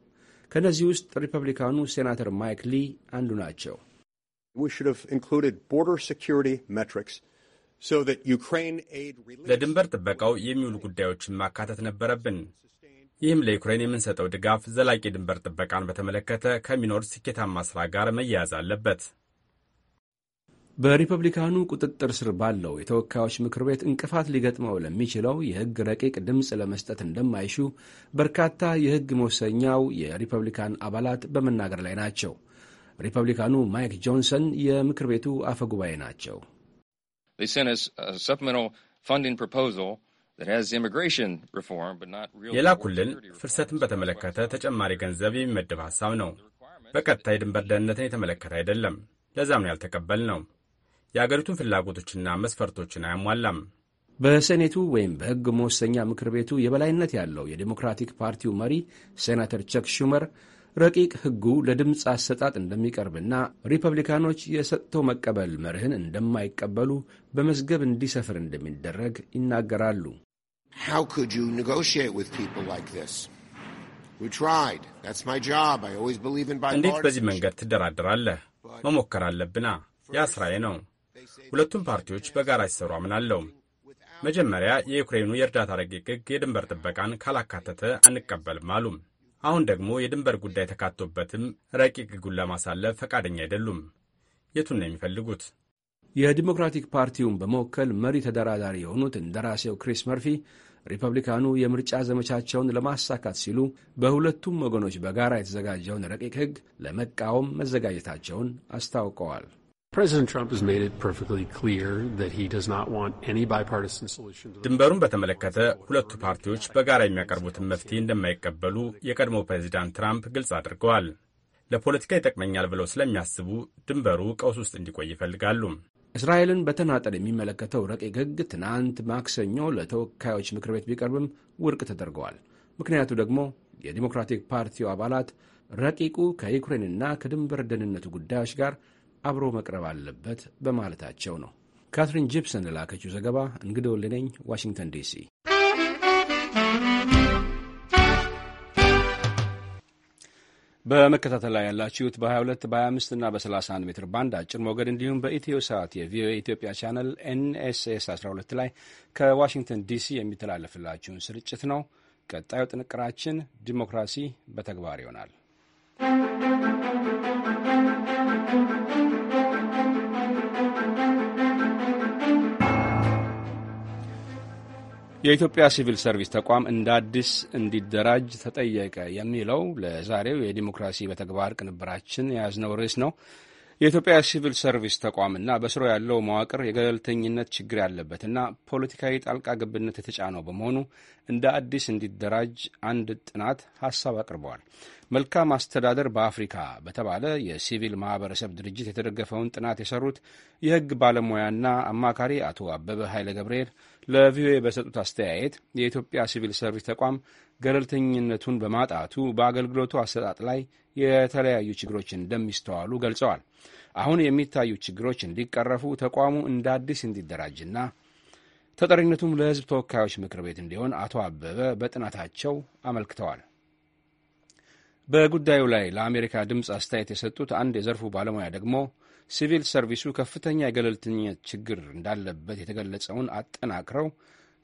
ከነዚህ ውስጥ ሪፐብሊካኑ ሴናተር ማይክ ሊ አንዱ ናቸው። ለድንበር ጥበቃው የሚውሉ ጉዳዮችን ማካተት ነበረብን። ይህም ለዩክሬን የምንሰጠው ድጋፍ ዘላቂ ድንበር ጥበቃን በተመለከተ ከሚኖር ስኬታማ ስራ ጋር መያያዝ አለበት። በሪፐብሊካኑ ቁጥጥር ስር ባለው የተወካዮች ምክር ቤት እንቅፋት ሊገጥመው ለሚችለው የሕግ ረቂቅ ድምፅ ለመስጠት እንደማይሹ በርካታ የሕግ መወሰኛው የሪፐብሊካን አባላት በመናገር ላይ ናቸው። ሪፐብሊካኑ ማይክ ጆንሰን የምክር ቤቱ አፈጉባኤ ናቸው። የላኩልን ፍልሰትን በተመለከተ ተጨማሪ ገንዘብ የሚመድብ ሐሳብ ነው። በቀጥታ የድንበር ደህንነትን የተመለከተ አይደለም። ለዛም ነው ያልተቀበል ነው። የአገሪቱን ፍላጎቶችና መስፈርቶችን አያሟላም። በሴኔቱ ወይም በሕግ መወሰኛ ምክር ቤቱ የበላይነት ያለው የዴሞክራቲክ ፓርቲው መሪ ሴናተር ቸክ ሹመር ረቂቅ ሕጉ ለድምፅ አሰጣጥ እንደሚቀርብና ሪፐብሊካኖች የሰጥቶ መቀበል መርህን እንደማይቀበሉ በመዝገብ እንዲሰፍር እንደሚደረግ ይናገራሉ። how could you negotiate with people like this? We tried. That's my job. I always believe in bipartisanship. እንዴት በዚህ መንገድ ትደራደራለህ? መሞከር አለብና ያ ስራዬ ነው። ሁለቱም ፓርቲዎች በጋራ ሲሰሩ አምናለሁ። መጀመሪያ የዩክሬኑ የእርዳታ ረቂቅ ሕግ የድንበር ጥበቃን ካላካተተ አንቀበልም አሉ። አሁን ደግሞ የድንበር ጉዳይ ተካቶበትም ረቂቅ ሕጉን ለማሳለፍ ፈቃደኛ አይደሉም። የቱን ነው የሚፈልጉት? የዲሞክራቲክ ፓርቲውን በመወከል መሪ ተደራዳሪ የሆኑት እንደራሴው ክሪስ መርፊ ሪፐብሊካኑ የምርጫ ዘመቻቸውን ለማሳካት ሲሉ በሁለቱም ወገኖች በጋራ የተዘጋጀውን ረቂቅ ሕግ ለመቃወም መዘጋጀታቸውን አስታውቀዋል። ድንበሩን በተመለከተ ሁለቱ ፓርቲዎች በጋራ የሚያቀርቡትን መፍትሄ እንደማይቀበሉ የቀድሞ ፕሬዚዳንት ትራምፕ ግልጽ አድርገዋል። ለፖለቲካ ይጠቅመኛል ብለው ስለሚያስቡ ድንበሩ ቀውስ ውስጥ እንዲቆይ ይፈልጋሉ። እስራኤልን በተናጠል የሚመለከተው ረቂቅ ሕግ ትናንት ማክሰኞ ለተወካዮች ምክር ቤት ቢቀርብም ውድቅ ተደርገዋል። ምክንያቱ ደግሞ የዲሞክራቲክ ፓርቲው አባላት ረቂቁ ከዩክሬንና ከድንበር ደህንነቱ ጉዳዮች ጋር አብሮ መቅረብ አለበት በማለታቸው ነው። ካትሪን ጂፕሰን ለላከችው ዘገባ እንግዶ ልነኝ ዋሽንግተን ዲሲ በመከታተል ላይ ያላችሁት በ22 በ25 እና በ31 ሜትር ባንድ አጭር ሞገድ እንዲሁም በኢትዮ ሰዓት የቪኦኤ ኢትዮጵያ ቻነል ኤንኤስኤስ 12 ላይ ከዋሽንግተን ዲሲ የሚተላለፍላችሁን ስርጭት ነው። ቀጣዩ ጥንቅራችን ዲሞክራሲ በተግባር ይሆናል። የኢትዮጵያ ሲቪል ሰርቪስ ተቋም እንደ አዲስ እንዲደራጅ ተጠየቀ የሚለው ለዛሬው የዲሞክራሲ በተግባር ቅንብራችን የያዝነው ርዕስ ነው። የኢትዮጵያ ሲቪል ሰርቪስ ተቋምና በስሩ ያለው መዋቅር የገለልተኝነት ችግር ያለበትና ፖለቲካዊ ጣልቃ ገብነት የተጫነው በመሆኑ እንደ አዲስ እንዲደራጅ አንድ ጥናት ሀሳብ አቅርበዋል። መልካም አስተዳደር በአፍሪካ በተባለ የሲቪል ማህበረሰብ ድርጅት የተደገፈውን ጥናት የሰሩት የህግ ባለሙያና አማካሪ አቶ አበበ ኃይለ ገብርኤል ለቪኦኤ በሰጡት አስተያየት የኢትዮጵያ ሲቪል ሰርቪስ ተቋም ገለልተኝነቱን በማጣቱ በአገልግሎቱ አሰጣጥ ላይ የተለያዩ ችግሮች እንደሚስተዋሉ ገልጸዋል። አሁን የሚታዩ ችግሮች እንዲቀረፉ ተቋሙ እንደ አዲስ እንዲደራጅና ተጠሪነቱም ለሕዝብ ተወካዮች ምክር ቤት እንዲሆን አቶ አበበ በጥናታቸው አመልክተዋል። በጉዳዩ ላይ ለአሜሪካ ድምፅ አስተያየት የሰጡት አንድ የዘርፉ ባለሙያ ደግሞ ሲቪል ሰርቪሱ ከፍተኛ የገለልተኝነት ችግር እንዳለበት የተገለጸውን አጠናክረው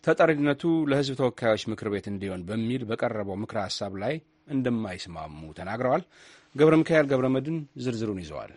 ተጠሪነቱ ለሕዝብ ተወካዮች ምክር ቤት እንዲሆን በሚል በቀረበው ምክረ ሀሳብ ላይ እንደማይስማሙ ተናግረዋል። ገብረ ሚካኤል ገብረ መድን ዝርዝሩን ይዘዋል።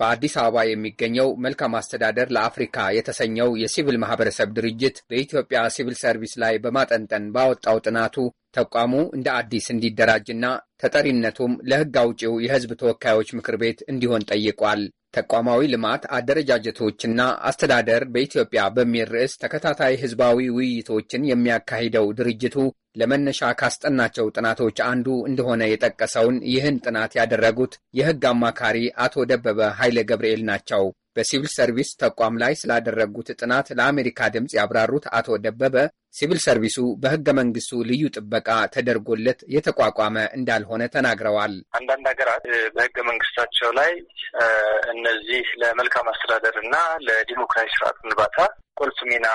በአዲስ አበባ የሚገኘው መልካም አስተዳደር ለአፍሪካ የተሰኘው የሲቪል ማህበረሰብ ድርጅት በኢትዮጵያ ሲቪል ሰርቪስ ላይ በማጠንጠን ባወጣው ጥናቱ ተቋሙ እንደ አዲስ እንዲደራጅና ተጠሪነቱም ለሕግ አውጪው የሕዝብ ተወካዮች ምክር ቤት እንዲሆን ጠይቋል። ተቋማዊ ልማት አደረጃጀቶችና አስተዳደር በኢትዮጵያ በሚል ርዕስ ተከታታይ ህዝባዊ ውይይቶችን የሚያካሂደው ድርጅቱ ለመነሻ ካስጠናቸው ጥናቶች አንዱ እንደሆነ የጠቀሰውን ይህን ጥናት ያደረጉት የህግ አማካሪ አቶ ደበበ ኃይለ ገብርኤል ናቸው። በሲቪል ሰርቪስ ተቋም ላይ ስላደረጉት ጥናት ለአሜሪካ ድምፅ ያብራሩት አቶ ደበበ ሲቪል ሰርቪሱ በህገ መንግስቱ ልዩ ጥበቃ ተደርጎለት የተቋቋመ እንዳልሆነ ተናግረዋል። አንዳንድ ሀገራት በህገ መንግስታቸው ላይ እነዚህ ለመልካም አስተዳደር እና ለዲሞክራሲ ስርዓት ግንባታ ቁልፍ ሚና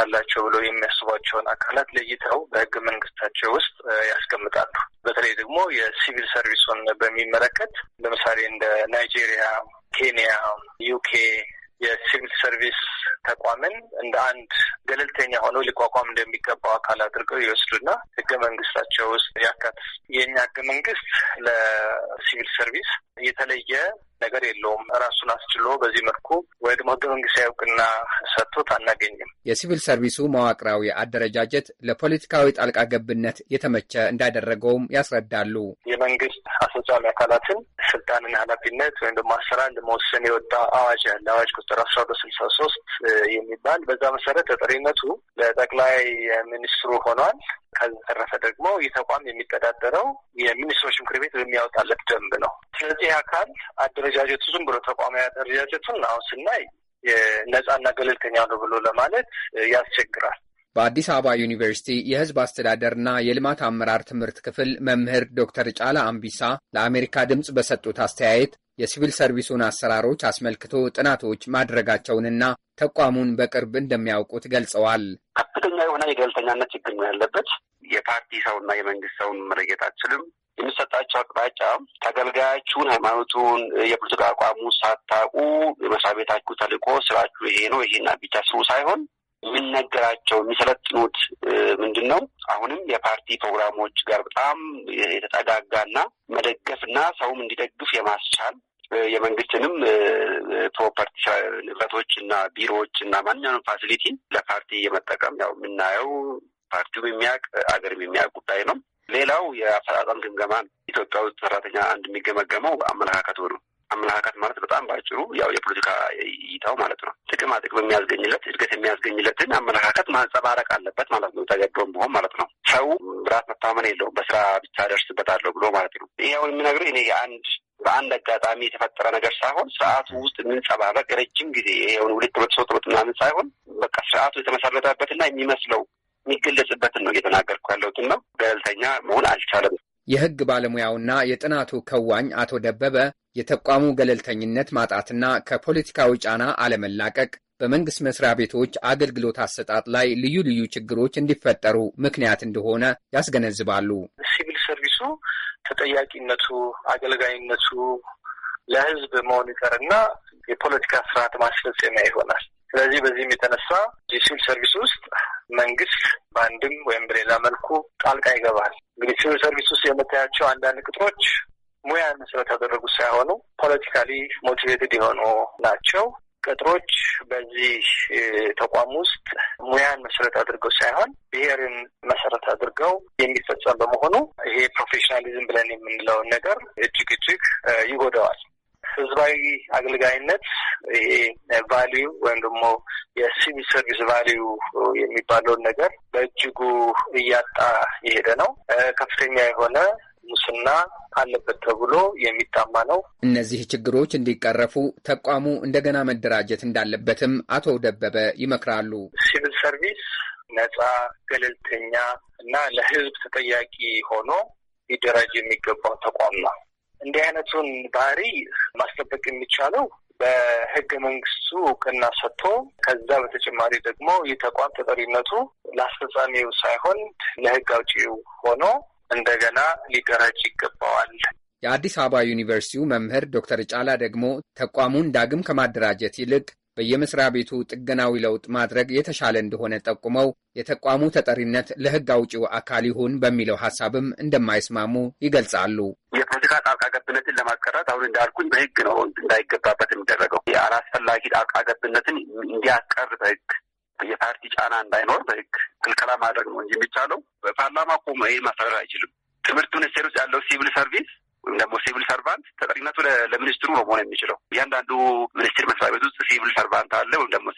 አላቸው ብለው የሚያስቧቸውን አካላት ለይተው በህገ መንግስታቸው ውስጥ ያስቀምጣሉ። በተለይ ደግሞ የሲቪል ሰርቪሱን በሚመለከት ለምሳሌ እንደ ናይጄሪያ ኬንያ፣ ዩኬ የሲቪል ሰርቪስ ተቋምን እንደ አንድ ገለልተኛ ሆኖ ሊቋቋም እንደሚገባው አካል አድርገው ይወስዱና ህገ መንግስታቸው ውስጥ ያካትት። የእኛ ህገ መንግስት ለሲቪል ሰርቪስ የተለየ ነገር የለውም። ራሱን አስችሎ በዚህ መልኩ ወይ ደግሞ ህገ መንግስታዊ እውቅና ሰጥቶት አናገኝም። የሲቪል ሰርቪሱ መዋቅራዊ አደረጃጀት ለፖለቲካዊ ጣልቃ ገብነት የተመቸ እንዳደረገውም ያስረዳሉ። የመንግስት አስፈጻሚ አካላትን ስልጣንና ኃላፊነት ወይም ደግሞ አሰራር ለመወሰን የወጣ አዋጅ ያለ አዋጅ ቁጥር አስራ ሁለት ስልሳ ሶስት የሚባል በዛ መሰረት ተጠሪነቱ ለጠቅላይ ሚኒስትሩ ሆኗል። ከዚህ ተረፈ ደግሞ ይህ ተቋም የሚተዳደረው የሚኒስትሮች ምክር ቤት በሚያወጣለት ደንብ ነው። ስለዚህ አካል አደረጃጀቱ ዝም ብሎ ተቋማዊ አደረጃጀቱን አሁን ስናይ ነጻና ገለልተኛ ነው ብሎ ለማለት ያስቸግራል። በአዲስ አበባ ዩኒቨርሲቲ የሕዝብ አስተዳደርና የልማት አመራር ትምህርት ክፍል መምህር ዶክተር ጫላ አምቢሳ ለአሜሪካ ድምፅ በሰጡት አስተያየት የሲቪል ሰርቪሱን አሰራሮች አስመልክቶ ጥናቶች ማድረጋቸውንና ተቋሙን በቅርብ እንደሚያውቁት ገልጸዋል። ከፍተኛ የሆነ የገለልተኛነት ችግር ነው ያለበት። የፓርቲ ሰውና የመንግስት ሰውን መለየት አችልም። የሚሰጣቸው አቅጣጫ ተገልጋያችሁን፣ ሃይማኖቱን፣ የፖለቲካ አቋሙ ሳታውቁ የመስሪያ ቤታችሁ ተልእኮ ስራችሁ ይሄ ነው ይሄና ብቻ ስሩ ሳይሆን የሚነገራቸው የሚሰለጥኑት ምንድን ነው? አሁንም የፓርቲ ፕሮግራሞች ጋር በጣም የተጠጋጋና መደገፍና ሰውም እንዲደግፍ የማስቻል የመንግስትንም ፕሮፐርቲ ንብረቶች እና ቢሮዎች እና ማንኛውም ፋሲሊቲ ለፓርቲ የመጠቀም ያው የምናየው ፓርቲውም የሚያውቅ አገርም የሚያውቅ ጉዳይ ነው። ሌላው የአፈጻጸም ግምገማ ነው። ኢትዮጵያ ውስጥ ሰራተኛ አንድ የሚገመገመው አመለካከቱ ነው። አመለካከት ማለት በጣም ባጭሩ ያው የፖለቲካ እይታው ማለት ነው። ጥቅማ ጥቅም የሚያስገኝለት እድገት የሚያስገኝለትን አመለካከት ማንጸባረቅ አለበት ማለት ነው። ተገዶም ቢሆን ማለት ነው። ሰው ብራት መታመን የለውም በስራ ብቻ ደርስበታለሁ ብሎ ማለት ነው። ይህ አሁን እኔ የአንድ በአንድ አጋጣሚ የተፈጠረ ነገር ሳይሆን ስርዓቱ ውስጥ የምንጸባረቅ ረጅም ጊዜ ይሁን ሁለት ሁለት ሶስት ምናምን ሳይሆን በቃ ስርዓቱ የተመሰረተበትና የሚመስለው የሚገለጽበትን ነው እየተናገርኩ ያለሁትን ነው። ገለልተኛ መሆን አልቻለም። የህግ ባለሙያውና የጥናቱ ከዋኝ አቶ ደበበ የተቋሙ ገለልተኝነት ማጣትና ከፖለቲካዊ ጫና አለመላቀቅ በመንግስት መስሪያ ቤቶች አገልግሎት አሰጣጥ ላይ ልዩ ልዩ ችግሮች እንዲፈጠሩ ምክንያት እንደሆነ ያስገነዝባሉ። ሲቪል ሰርቪሱ ተጠያቂነቱ፣ አገልጋይነቱ ለህዝብ መሆን ይቀርና የፖለቲካ ስርዓት ማስፈጸሚያ ይሆናል። ስለዚህ በዚህም የተነሳ የሲቪል ሰርቪስ ውስጥ መንግስት በአንድም ወይም በሌላ መልኩ ጣልቃ ይገባል። እንግዲህ ሲቪል ሰርቪስ ውስጥ የምታያቸው አንዳንድ ቅጥሮች ሙያን መሰረት ያደረጉ ሳይሆኑ ፖለቲካሊ ሞቲቬትድ የሆኑ ናቸው። ቅጥሮች በዚህ ተቋም ውስጥ ሙያን መሰረት አድርገው ሳይሆን ብሔርን መሰረት አድርገው የሚፈጸም በመሆኑ ይሄ ፕሮፌሽናሊዝም ብለን የምንለውን ነገር እጅግ እጅግ ይጎዳዋል። ህዝባዊ አገልጋይነት ይሄ ቫሊዩ ወይም ደግሞ የሲቪል ሰርቪስ ቫሊዩ የሚባለውን ነገር በእጅጉ እያጣ የሄደ ነው። ከፍተኛ የሆነ ሙስና አለበት ተብሎ የሚታማ ነው። እነዚህ ችግሮች እንዲቀረፉ ተቋሙ እንደገና መደራጀት እንዳለበትም አቶ ደበበ ይመክራሉ። ሲቪል ሰርቪስ ነጻ፣ ገለልተኛ እና ለህዝብ ተጠያቂ ሆኖ ሊደራጅ የሚገባው ተቋም ነው። እንዲህ አይነቱን ባህሪ ማስጠበቅ የሚቻለው በህገ መንግስቱ እውቅና ሰጥቶ ከዛ በተጨማሪ ደግሞ ይህ ተቋም ተጠሪነቱ ለአስፈጻሚው ሳይሆን ለህግ አውጪው ሆኖ እንደገና ሊደራጅ ይገባዋል። የአዲስ አበባ ዩኒቨርሲቲው መምህር ዶክተር ጫላ ደግሞ ተቋሙን ዳግም ከማደራጀት ይልቅ በየመስሪያ ቤቱ ጥገናዊ ለውጥ ማድረግ የተሻለ እንደሆነ ጠቁመው የተቋሙ ተጠሪነት ለሕግ አውጪው አካል ይሁን በሚለው ሀሳብም እንደማይስማሙ ይገልጻሉ። የፖለቲካ ጣልቃ ገብነትን ለማስቀረት አሁን እንዳልኩኝ በሕግ ነው እንዳይገባበት የሚደረገው። የአላስፈላጊ ጣልቃ ገብነትን እንዲያስቀር በሕግ የፓርቲ ጫና እንዳይኖር በሕግ ክልከላ ማድረግ ነው እንጂ የሚቻለው በፓርላማ ቆሞ ይህ ማስተዳደር አይችልም። ትምህርት ሚኒስቴር ውስጥ ያለው ሲቪል ሰርቪስ ወይም ደግሞ ሲቪል ሰርቫንት ተጠሪነቱ ለሚኒስትሩ ነው መሆን የሚችለው። እያንዳንዱ ሚኒስትር መስሪያ ቤት ውስጥ ሲቪል ሰርቫንት አለ፣ ወይም ደግሞ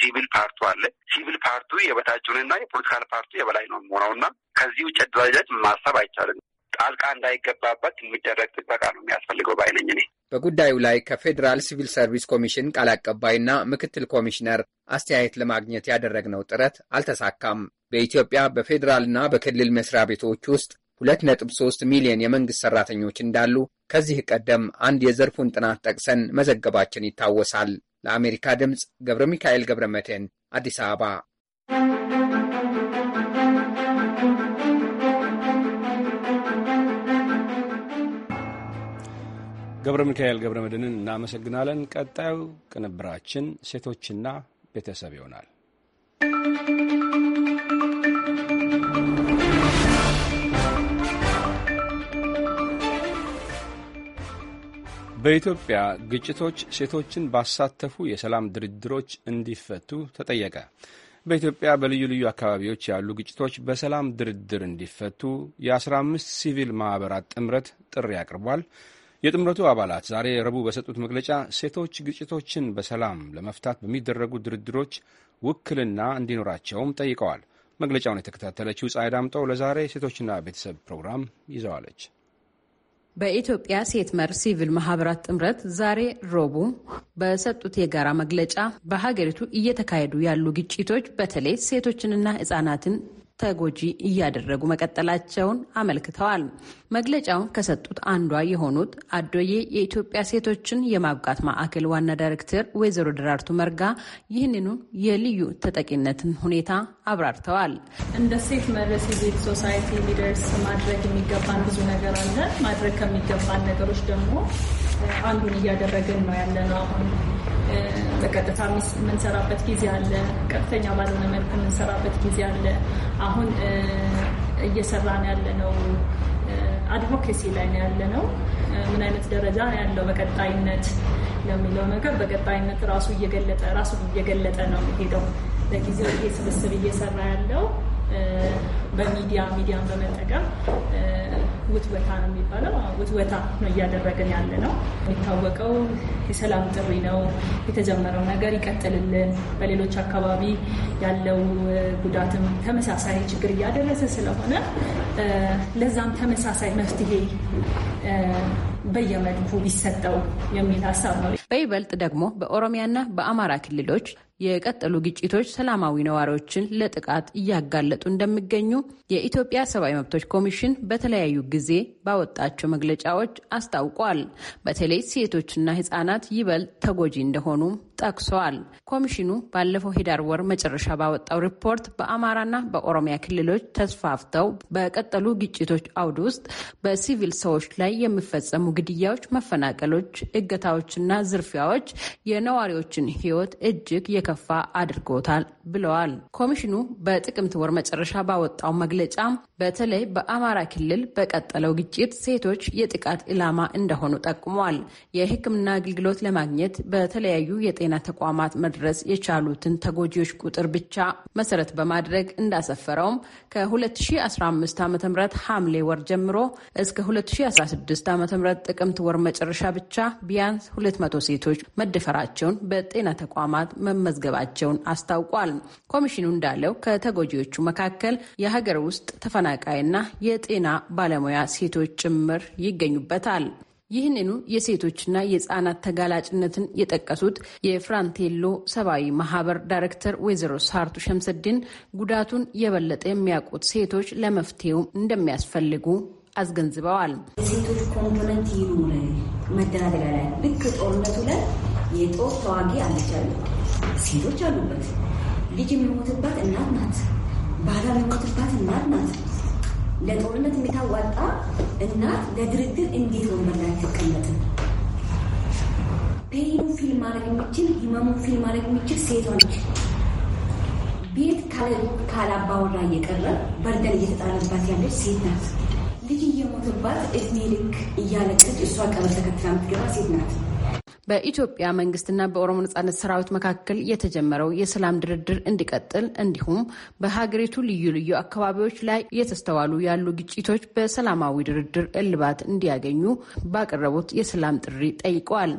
ሲቪል ፓርቱ አለ። ሲቪል ፓርቱ የበታችሁንና የፖለቲካል ፓርቱ የበላይ ነው መሆነው እና ከዚህ ውጭ አደረጃጀት ማሰብ አይቻልም። ጣልቃ እንዳይገባበት የሚደረግ ጥበቃ ነው የሚያስፈልገው ባይነኝ እኔ በጉዳዩ ላይ ከፌዴራል ሲቪል ሰርቪስ ኮሚሽን ቃል አቀባይና ምክትል ኮሚሽነር አስተያየት ለማግኘት ያደረግነው ጥረት አልተሳካም። በኢትዮጵያ በፌዴራልና በክልል መስሪያ ቤቶች ውስጥ 2.3 ሚሊዮን የመንግስት ሰራተኞች እንዳሉ ከዚህ ቀደም አንድ የዘርፉን ጥናት ጠቅሰን መዘገባችን ይታወሳል። ለአሜሪካ ድምፅ ገብረ ሚካኤል ገብረ መድህን አዲስ አበባ። ገብረ ሚካኤል ገብረ መድህንን እናመሰግናለን። ቀጣዩ ቅንብራችን ሴቶችና ቤተሰብ ይሆናል። በኢትዮጵያ ግጭቶች ሴቶችን ባሳተፉ የሰላም ድርድሮች እንዲፈቱ ተጠየቀ። በኢትዮጵያ በልዩ ልዩ አካባቢዎች ያሉ ግጭቶች በሰላም ድርድር እንዲፈቱ የ15 ሲቪል ማኅበራት ጥምረት ጥሪ አቅርቧል። የጥምረቱ አባላት ዛሬ ረቡዕ በሰጡት መግለጫ ሴቶች ግጭቶችን በሰላም ለመፍታት በሚደረጉ ድርድሮች ውክልና እንዲኖራቸውም ጠይቀዋል። መግለጫውን የተከታተለችው ፀሐይ ዳምጠው ለዛሬ ሴቶችና ቤተሰብ ፕሮግራም ይዘዋለች። በኢትዮጵያ ሴት መር ሲቪል ማህበራት ጥምረት ዛሬ ሮቡ በሰጡት የጋራ መግለጫ በሀገሪቱ እየተካሄዱ ያሉ ግጭቶች በተለይ ሴቶችንና ህጻናትን ተጎጂ እያደረጉ መቀጠላቸውን አመልክተዋል። መግለጫውን ከሰጡት አንዷ የሆኑት አዶዬ የኢትዮጵያ ሴቶችን የማብቃት ማዕከል ዋና ዳይሬክተር ወይዘሮ ደራርቱ መርጋ ይህንኑ የልዩ ተጠቂነትን ሁኔታ አብራርተዋል። እንደ ሴት መሪ ሲቪል ሶሳይቲ ሊደርስ ማድረግ የሚገባን ብዙ ነገር አለ። ማድረግ ከሚገባን ነገሮች ደግሞ አንዱን እያደረግን ነው ያለ ነው። አሁን በቀጥታ የምንሰራበት ጊዜ አለ፣ ቀጥተኛ ባልሆነ መልኩ የምንሰራበት ጊዜ አለ። አሁን እየሰራን ያለ ነው አድቮኬሲ ላይ ነው ያለ ነው። ምን አይነት ደረጃ ነው ያለው በቀጣይነት ለሚለው ነገር በቀጣይነት ራሱ እየገለጠ ራሱ እየገለጠ ነው የሚሄደው። ለጊዜው ይሄ ስብስብ እየሰራ ያለው በሚዲያ ሚዲያን በመጠቀም ውትወታ ነው የሚባለው። ውትወታ ነው እያደረግን ያለ ነው። የሚታወቀው የሰላም ጥሪ ነው። የተጀመረው ነገር ይቀጥልልን። በሌሎች አካባቢ ያለው ጉዳትም ተመሳሳይ ችግር እያደረሰ ስለሆነ ለዛም ተመሳሳይ መፍትሄ በየመድፉ ቢሰጠው የሚል ሀሳብ ነው። በይበልጥ ደግሞ በኦሮሚያና በአማራ ክልሎች የቀጠሉ ግጭቶች ሰላማዊ ነዋሪዎችን ለጥቃት እያጋለጡ እንደሚገኙ የኢትዮጵያ ሰብአዊ መብቶች ኮሚሽን በተለያዩ ጊዜ ባወጣቸው መግለጫዎች አስታውቋል። በተለይ ሴቶችና ሕጻናት ይበልጥ ተጎጂ እንደሆኑ ጠቅሰዋል። ኮሚሽኑ ባለፈው ሂዳር ወር መጨረሻ ባወጣው ሪፖርት በአማራና በኦሮሚያ ክልሎች ተስፋፍተው በቀጠሉ ግጭቶች አውድ ውስጥ በሲቪል ሰዎች ላይ የሚፈጸሙ ግድያዎች፣ መፈናቀሎች፣ እገታዎችና ዝርፊያዎች የነዋሪዎችን ሕይወት እጅግ የከፋ አድርጎታል ብለዋል። ኮሚሽኑ በጥቅምት ወር መጨረሻ ባወጣው መግለጫ በተለይ በአማራ ክልል በቀጠለው ግጭት ሴቶች የጥቃት ኢላማ እንደሆኑ ጠቁመዋል። የሕክምና አገልግሎት ለማግኘት በተለያዩ የጤና የጤና ተቋማት መድረስ የቻሉትን ተጎጂዎች ቁጥር ብቻ መሰረት በማድረግ እንዳሰፈረውም ከ2015 ዓ ም ሐምሌ ወር ጀምሮ እስከ 2016 ዓ ም ጥቅምት ወር መጨረሻ ብቻ ቢያንስ 200 ሴቶች መደፈራቸውን በጤና ተቋማት መመዝገባቸውን አስታውቋል። ኮሚሽኑ እንዳለው ከተጎጂዎቹ መካከል የሀገር ውስጥ ተፈናቃይና የጤና ባለሙያ ሴቶች ጭምር ይገኙበታል። ይህንኑ የሴቶችና የሕጻናት ተጋላጭነትን የጠቀሱት የፍራንቴሎ ሰብአዊ ማህበር ዳይሬክተር ወይዘሮ ሳርቱ ሸምሰድን ጉዳቱን የበለጠ የሚያውቁት ሴቶች ለመፍትሄው እንደሚያስፈልጉ አስገንዝበዋል። የሴቶች ኮምፖነንት ይሉ መደራደሪያ ላይ ልክ ጦርነቱ ላይ የጦር ተዋጊ አለቻለ ሴቶች አሉበት። ልጅ የሚሞትባት እናት ናት። ባላ የሚሞትባት እናት ናት። ለጦርነት የምታዋጣ እናት ለድርድር እንዴት ወንበር ላይ አትቀመጥም? ፔኑ ፊል ማድረግ የሚችል ህመሙ ፊል ማድረግ የሚችል ሴቷ ነች። ቤት ካላባወራ እየቀረ በርደን እየተጣለባት ያለች ሴት ናት። ልጅ እየሞተባት እድሜ ልክ እያለቀች እሷ ቀበር ተከትላ የምትገባ ሴት ናት። በኢትዮጵያ መንግስትና በኦሮሞ ነጻነት ሰራዊት መካከል የተጀመረው የሰላም ድርድር እንዲቀጥል እንዲሁም በሀገሪቱ ልዩ ልዩ አካባቢዎች ላይ እየተስተዋሉ ያሉ ግጭቶች በሰላማዊ ድርድር እልባት እንዲያገኙ ባቀረቡት የሰላም ጥሪ ጠይቀዋል።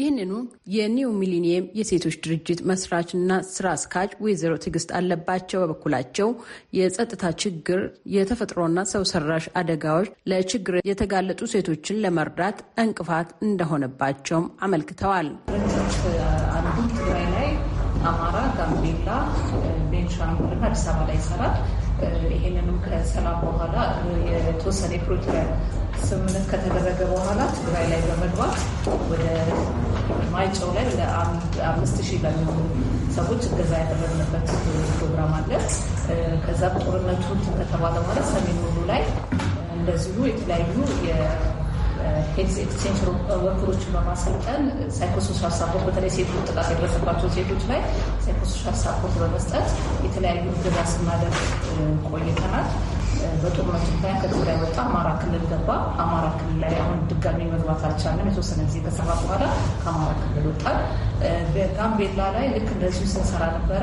ይህንኑ የኒው ሚሊኒየም የሴቶች ድርጅት መስራችና ስራ አስካጅ ወይዘሮ ትዕግስት አለባቸው በበኩላቸው የጸጥታ ችግር የተፈጥሮና ሰው ሰራሽ አደጋዎች ለችግር የተጋለጡ ሴቶችን ለመርዳት እንቅፋት እንደሆነባቸውም አመልክተዋል። አመልክተዋል። አንዱ ትግራይ ላይ፣ አማራ፣ ጋምቤላ፣ ቤንሻንጉል ቤንሻንጉልና አዲስ አበባ ላይ ይሰራል። ይሄንንም ከሰላም በኋላ የተወሰነ የፕሪቶሪያ ስምምነት ከተደረገ በኋላ ትግራይ ላይ በመግባት ወደ ማይጨው ላይ ወደ አምስት ሺህ ለሚሆኑ ሰዎች እገዛ ያደረግንበት ፕሮግራም አለ። ከዛ ጦርነቱ ከተባለ ማለት ሰሜን ሙሉ ላይ እንደዚሁ የተለያዩ ኤክስቴንሽን ኤክስቼንጅ ወርከሮችን በማሰልጠን ሳይኮሶሻል ሳፖርት በተለይ ሴቶች ጥቃት የደረሰባቸው ሴቶች ላይ ሳይኮሶሻል ሳፖርት በመስጠት የተለያዩ እገዛ ስናደርግ ቆይተናል። በጦርነቱ ምክንያት ከትግራይ ወጣ አማራ ክልል ገባ። አማራ ክልል ላይ አሁን ድጋሚ መግባት አልቻለም። የተወሰነ ጊዜ ከሰራ በኋላ ከአማራ ክልል ወጣል። በጋምቤላ ላይ ልክ እንደዚሁ ስንሰራ ነበረ።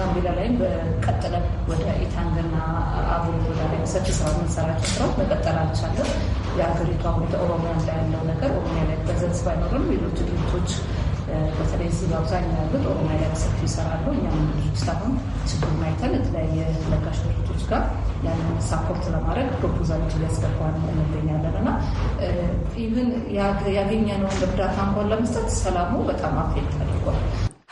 ጋምቤላ ላይም በቀጠለ ወደ ኢታንግና አቦ ወዳ ላይ ሰፊ ስራ ምንሰራ ስራው መቀጠል አልቻለም። የአገሪቷ ሁኔታ ኦሮሚያ ላይ ያለው ነገር ኦሮሚያ ላይ በዘንስ ባይኖርም ሌሎች ድርጅቶች በተለይ እዚህ በአብዛኛው ያሉት ኦሮሚያ ላይ ሰፊ ይሰራሉ። እኛም ድርጅት አሁን ችግር ማይተን የተለያየ ለጋሽ ድርጅቶች ጋር ያንን ሳፖርት ለማድረግ ፕሮፖዛሎች እያስገባን እንገኛለን እና ኢቭን ያገኘነውን እርዳታ እንኳን ለመስጠት ሰላሙ በጣም አፌክት አድርጓል።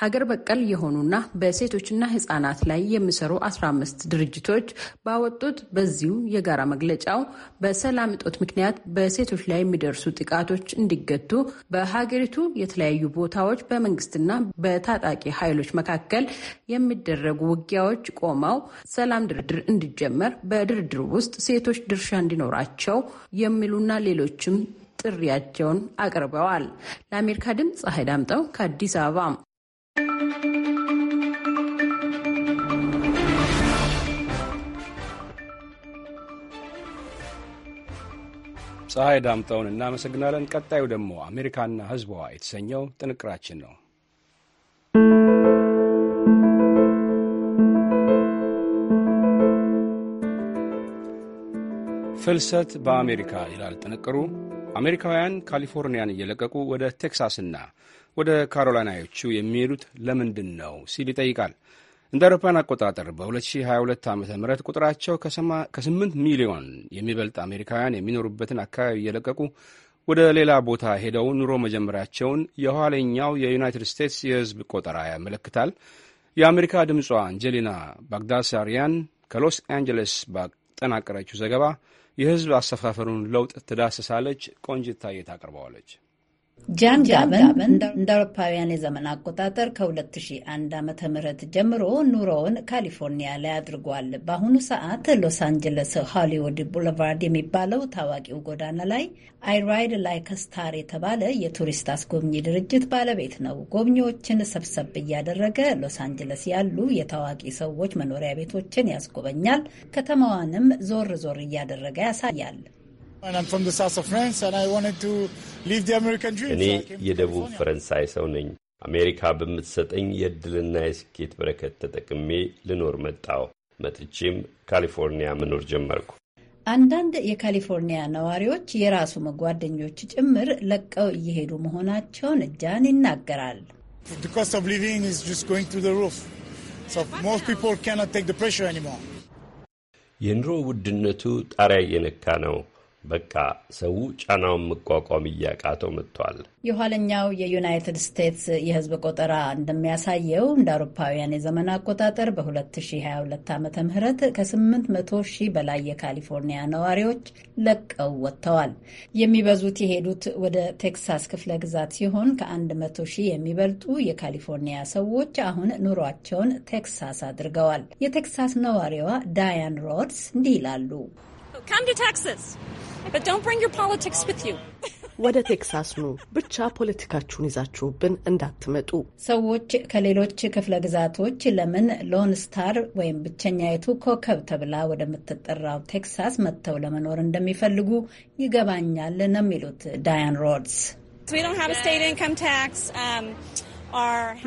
ሀገር በቀል የሆኑና በሴቶችና ህጻናት ላይ የሚሰሩ 15 ድርጅቶች ባወጡት በዚሁ የጋራ መግለጫው በሰላም እጦት ምክንያት በሴቶች ላይ የሚደርሱ ጥቃቶች እንዲገቱ በሀገሪቱ የተለያዩ ቦታዎች በመንግስትና በታጣቂ ኃይሎች መካከል የሚደረጉ ውጊያዎች ቆመው ሰላም ድርድር እንዲጀመር በድርድሩ ውስጥ ሴቶች ድርሻ እንዲኖራቸው የሚሉና ሌሎችም ጥሪያቸውን አቅርበዋል። ለአሜሪካ ድምፅ ፀሐይ ዳምጠው ከአዲስ አበባ ፀሐይ ዳምጠውን እናመሰግናለን። ቀጣዩ ደግሞ አሜሪካና ሕዝቧ የተሰኘው ጥንቅራችን ነው። ፍልሰት በአሜሪካ ይላል ጥንቅሩ። አሜሪካውያን ካሊፎርኒያን እየለቀቁ ወደ ቴክሳስና ወደ ካሮላይናዎቹ የሚሄዱት ለምንድን ነው ሲል ይጠይቃል። እንደ አውሮፓን አቆጣጠር በ2022 ዓ ም ቁጥራቸው ከ8 ሚሊዮን የሚበልጥ አሜሪካውያን የሚኖሩበትን አካባቢ እየለቀቁ ወደ ሌላ ቦታ ሄደው ኑሮ መጀመሪያቸውን የኋለኛው የዩናይትድ ስቴትስ የሕዝብ ቆጠራ ያመለክታል። የአሜሪካ ድምጿ አንጀሊና ባግዳሳሪያን ከሎስ አንጀለስ ባጠናቀረችው ዘገባ የሕዝብ አሰፋፈሩን ለውጥ ትዳስሳለች። ቆንጅታዬ ታቀርበዋለች። ጃን ጋበን እንደ አውሮፓውያን የዘመን አቆጣጠር ከ2001 ዓ ም ጀምሮ ኑሮውን ካሊፎርኒያ ላይ አድርጓል። በአሁኑ ሰዓት ሎስ አንጀለስ ሆሊውድ ቡልቫርድ የሚባለው ታዋቂው ጎዳና ላይ አይራይድ ላይክ ስታር የተባለ የቱሪስት አስጎብኚ ድርጅት ባለቤት ነው። ጎብኚዎችን ሰብሰብ እያደረገ ሎስ አንጀለስ ያሉ የታዋቂ ሰዎች መኖሪያ ቤቶችን ያስጎበኛል። ከተማዋንም ዞር ዞር እያደረገ ያሳያል። እኔ የደቡብ ፈረንሳይ ሰው ነኝ። አሜሪካ በምትሰጠኝ የእድልና የስኬት በረከት ተጠቅሜ ልኖር መጣው! መጥቼም ካሊፎርኒያ መኖር ጀመርኩ። አንዳንድ የካሊፎርኒያ ነዋሪዎች የራሱ መጓደኞች ጭምር ለቀው እየሄዱ መሆናቸውን እጃን ይናገራል። የኑሮ ውድነቱ ጣሪያ እየነካ ነው። በቃ ሰው ጫናውን መቋቋም እያቃተው መጥቷል። የኋለኛው የዩናይትድ ስቴትስ የሕዝብ ቆጠራ እንደሚያሳየው እንደ አውሮፓውያን የዘመን አቆጣጠር በ2022 ዓ ም ከ800 ሺህ በላይ የካሊፎርኒያ ነዋሪዎች ለቀው ወጥተዋል። የሚበዙት የሄዱት ወደ ቴክሳስ ክፍለ ግዛት ሲሆን ከ100 ሺህ የሚበልጡ የካሊፎርኒያ ሰዎች አሁን ኑሯቸውን ቴክሳስ አድርገዋል። የቴክሳስ ነዋሪዋ ዳያን ሮድስ እንዲህ ይላሉ። Come to Texas. ወደ ቴክሳስ ኑ፣ ብቻ ፖለቲካችሁን ይዛችሁብን እንዳትመጡ። ሰዎች ከሌሎች ክፍለ ግዛቶች ለምን ሎን ስታር ወይም ብቸኛይቱ ኮከብ ተብላ ወደምትጠራው ቴክሳስ መጥተው ለመኖር እንደሚፈልጉ ይገባኛል ነው የሚሉት ዳያን ሮድስ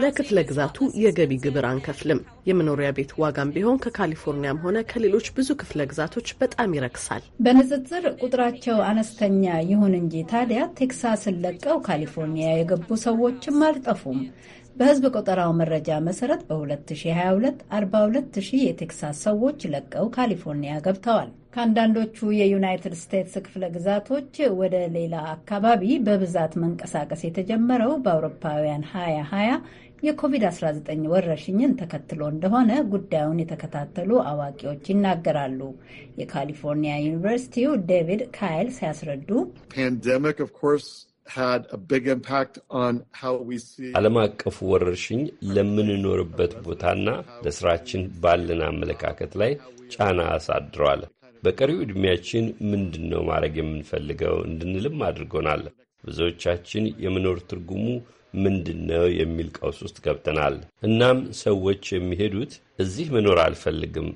ለክፍለ ግዛቱ የገቢ ግብር አንከፍልም። የመኖሪያ ቤት ዋጋም ቢሆን ከካሊፎርኒያም ሆነ ከሌሎች ብዙ ክፍለ ግዛቶች በጣም ይረክሳል። በንጽጽር ቁጥራቸው አነስተኛ ይሁን እንጂ ታዲያ ቴክሳስን ለቀው ካሊፎርኒያ የገቡ ሰዎችም አልጠፉም። በህዝብ ቆጠራው መረጃ መሰረት በ2022 42 ሺህ የቴክሳስ ሰዎች ለቀው ካሊፎርኒያ ገብተዋል። ከአንዳንዶቹ የዩናይትድ ስቴትስ ክፍለ ግዛቶች ወደ ሌላ አካባቢ በብዛት መንቀሳቀስ የተጀመረው በአውሮፓውያን 2020 የኮቪድ-19 ወረርሽኝን ተከትሎ እንደሆነ ጉዳዩን የተከታተሉ አዋቂዎች ይናገራሉ። የካሊፎርኒያ ዩኒቨርሲቲው ዴቪድ ካይል ሲያስረዱ ዓለም አቀፉ ወረርሽኝ ለምንኖርበት ቦታና ለስራችን ባለን አመለካከት ላይ ጫና አሳድሯል። በቀሪው ዕድሜያችን ምንድን ነው ማድረግ የምንፈልገው እንድንልም አድርጎናል። ብዙዎቻችን የመኖር ትርጉሙ ምንድን ነው የሚል ቀውስ ውስጥ ገብተናል። እናም ሰዎች የሚሄዱት እዚህ መኖር አልፈልግም፣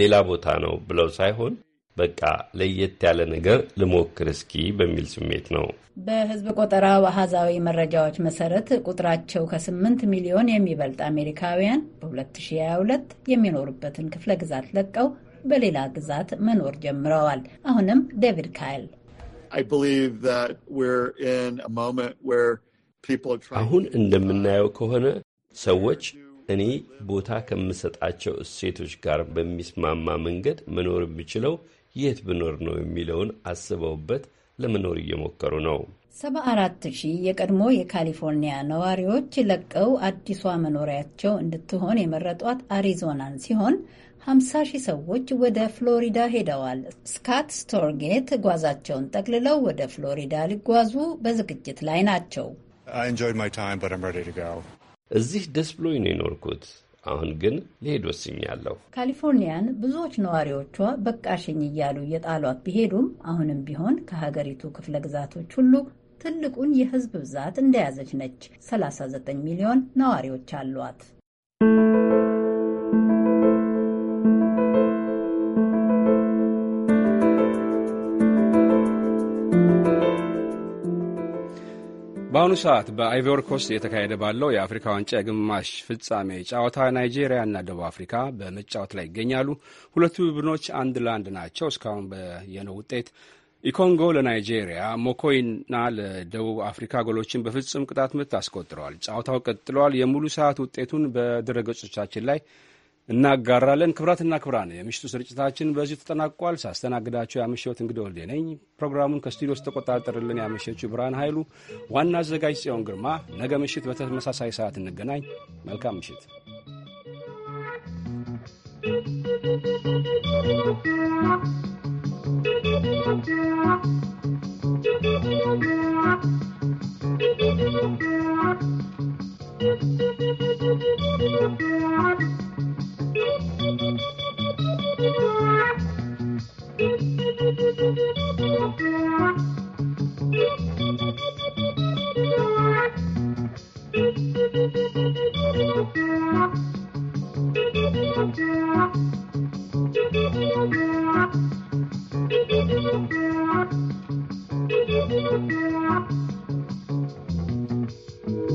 ሌላ ቦታ ነው ብለው ሳይሆን በቃ ለየት ያለ ነገር ልሞክር እስኪ በሚል ስሜት ነው። በህዝብ ቆጠራ አሃዛዊ መረጃዎች መሰረት ቁጥራቸው ከ8 ሚሊዮን የሚበልጥ አሜሪካውያን በ2022 የሚኖሩበትን ክፍለ ግዛት ለቀው በሌላ ግዛት መኖር ጀምረዋል። አሁንም ዴቪድ ካይል አሁን እንደምናየው ከሆነ ሰዎች እኔ ቦታ ከምሰጣቸው እሴቶች ጋር በሚስማማ መንገድ መኖር የምችለው የት ብኖር ነው የሚለውን አስበውበት ለመኖር እየሞከሩ ነው። 74 ሺህ የቀድሞ የካሊፎርኒያ ነዋሪዎች ለቀው አዲሷ መኖሪያቸው እንድትሆን የመረጧት አሪዞናን ሲሆን 50 ሺህ ሰዎች ወደ ፍሎሪዳ ሄደዋል። ስካት ስቶርጌት ጓዛቸውን ጠቅልለው ወደ ፍሎሪዳ ሊጓዙ በዝግጅት ላይ ናቸው። እዚህ ደስ ብሎኝ ነው የኖርኩት። አሁን ግን ልሄድ ወስኛለሁ። ካሊፎርኒያን ብዙዎች ነዋሪዎቿ በቃሽኝ እያሉ የጣሏት ቢሄዱም አሁንም ቢሆን ከሀገሪቱ ክፍለ ግዛቶች ሁሉ ትልቁን የሕዝብ ብዛት እንደያዘች ነች። 39 ሚሊዮን ነዋሪዎች አሏት። በአሁኑ ሰዓት በአይቮሪ ኮስት እየተካሄደ ባለው የአፍሪካ ዋንጫ የግማሽ ፍጻሜ ጨዋታ እና ደቡብ አፍሪካ በመጫወት ላይ ይገኛሉ። ሁለቱ ቡድኖች አንድ ለአንድ ናቸው። እስካሁን በየነው ውጤት ኢኮንጎ ለናይጄሪያ፣ ሞኮይና ለደቡብ አፍሪካ ጎሎችን በፍጹም ቅጣት ምት አስቆጥረዋል። ጨዋታው ቀጥለዋል። የሙሉ ሰዓት ውጤቱን በድረገጾቻችን ላይ እናጋራለን። ክብራትና ክብራን የምሽቱ ስርጭታችን በዚሁ ተጠናቋል። ሳስተናግዳቸው ያመሸሁት እንግዳ ወልዴ ነኝ። ፕሮግራሙን ከስቱዲዮ ውስጥ ተቆጣጠርልን ያመሸችው ብርሃን ኃይሉ፣ ዋና አዘጋጅ ጽዮን ግርማ። ነገ ምሽት በተመሳሳይ ሰዓት እንገናኝ። መልካም ምሽት Haa?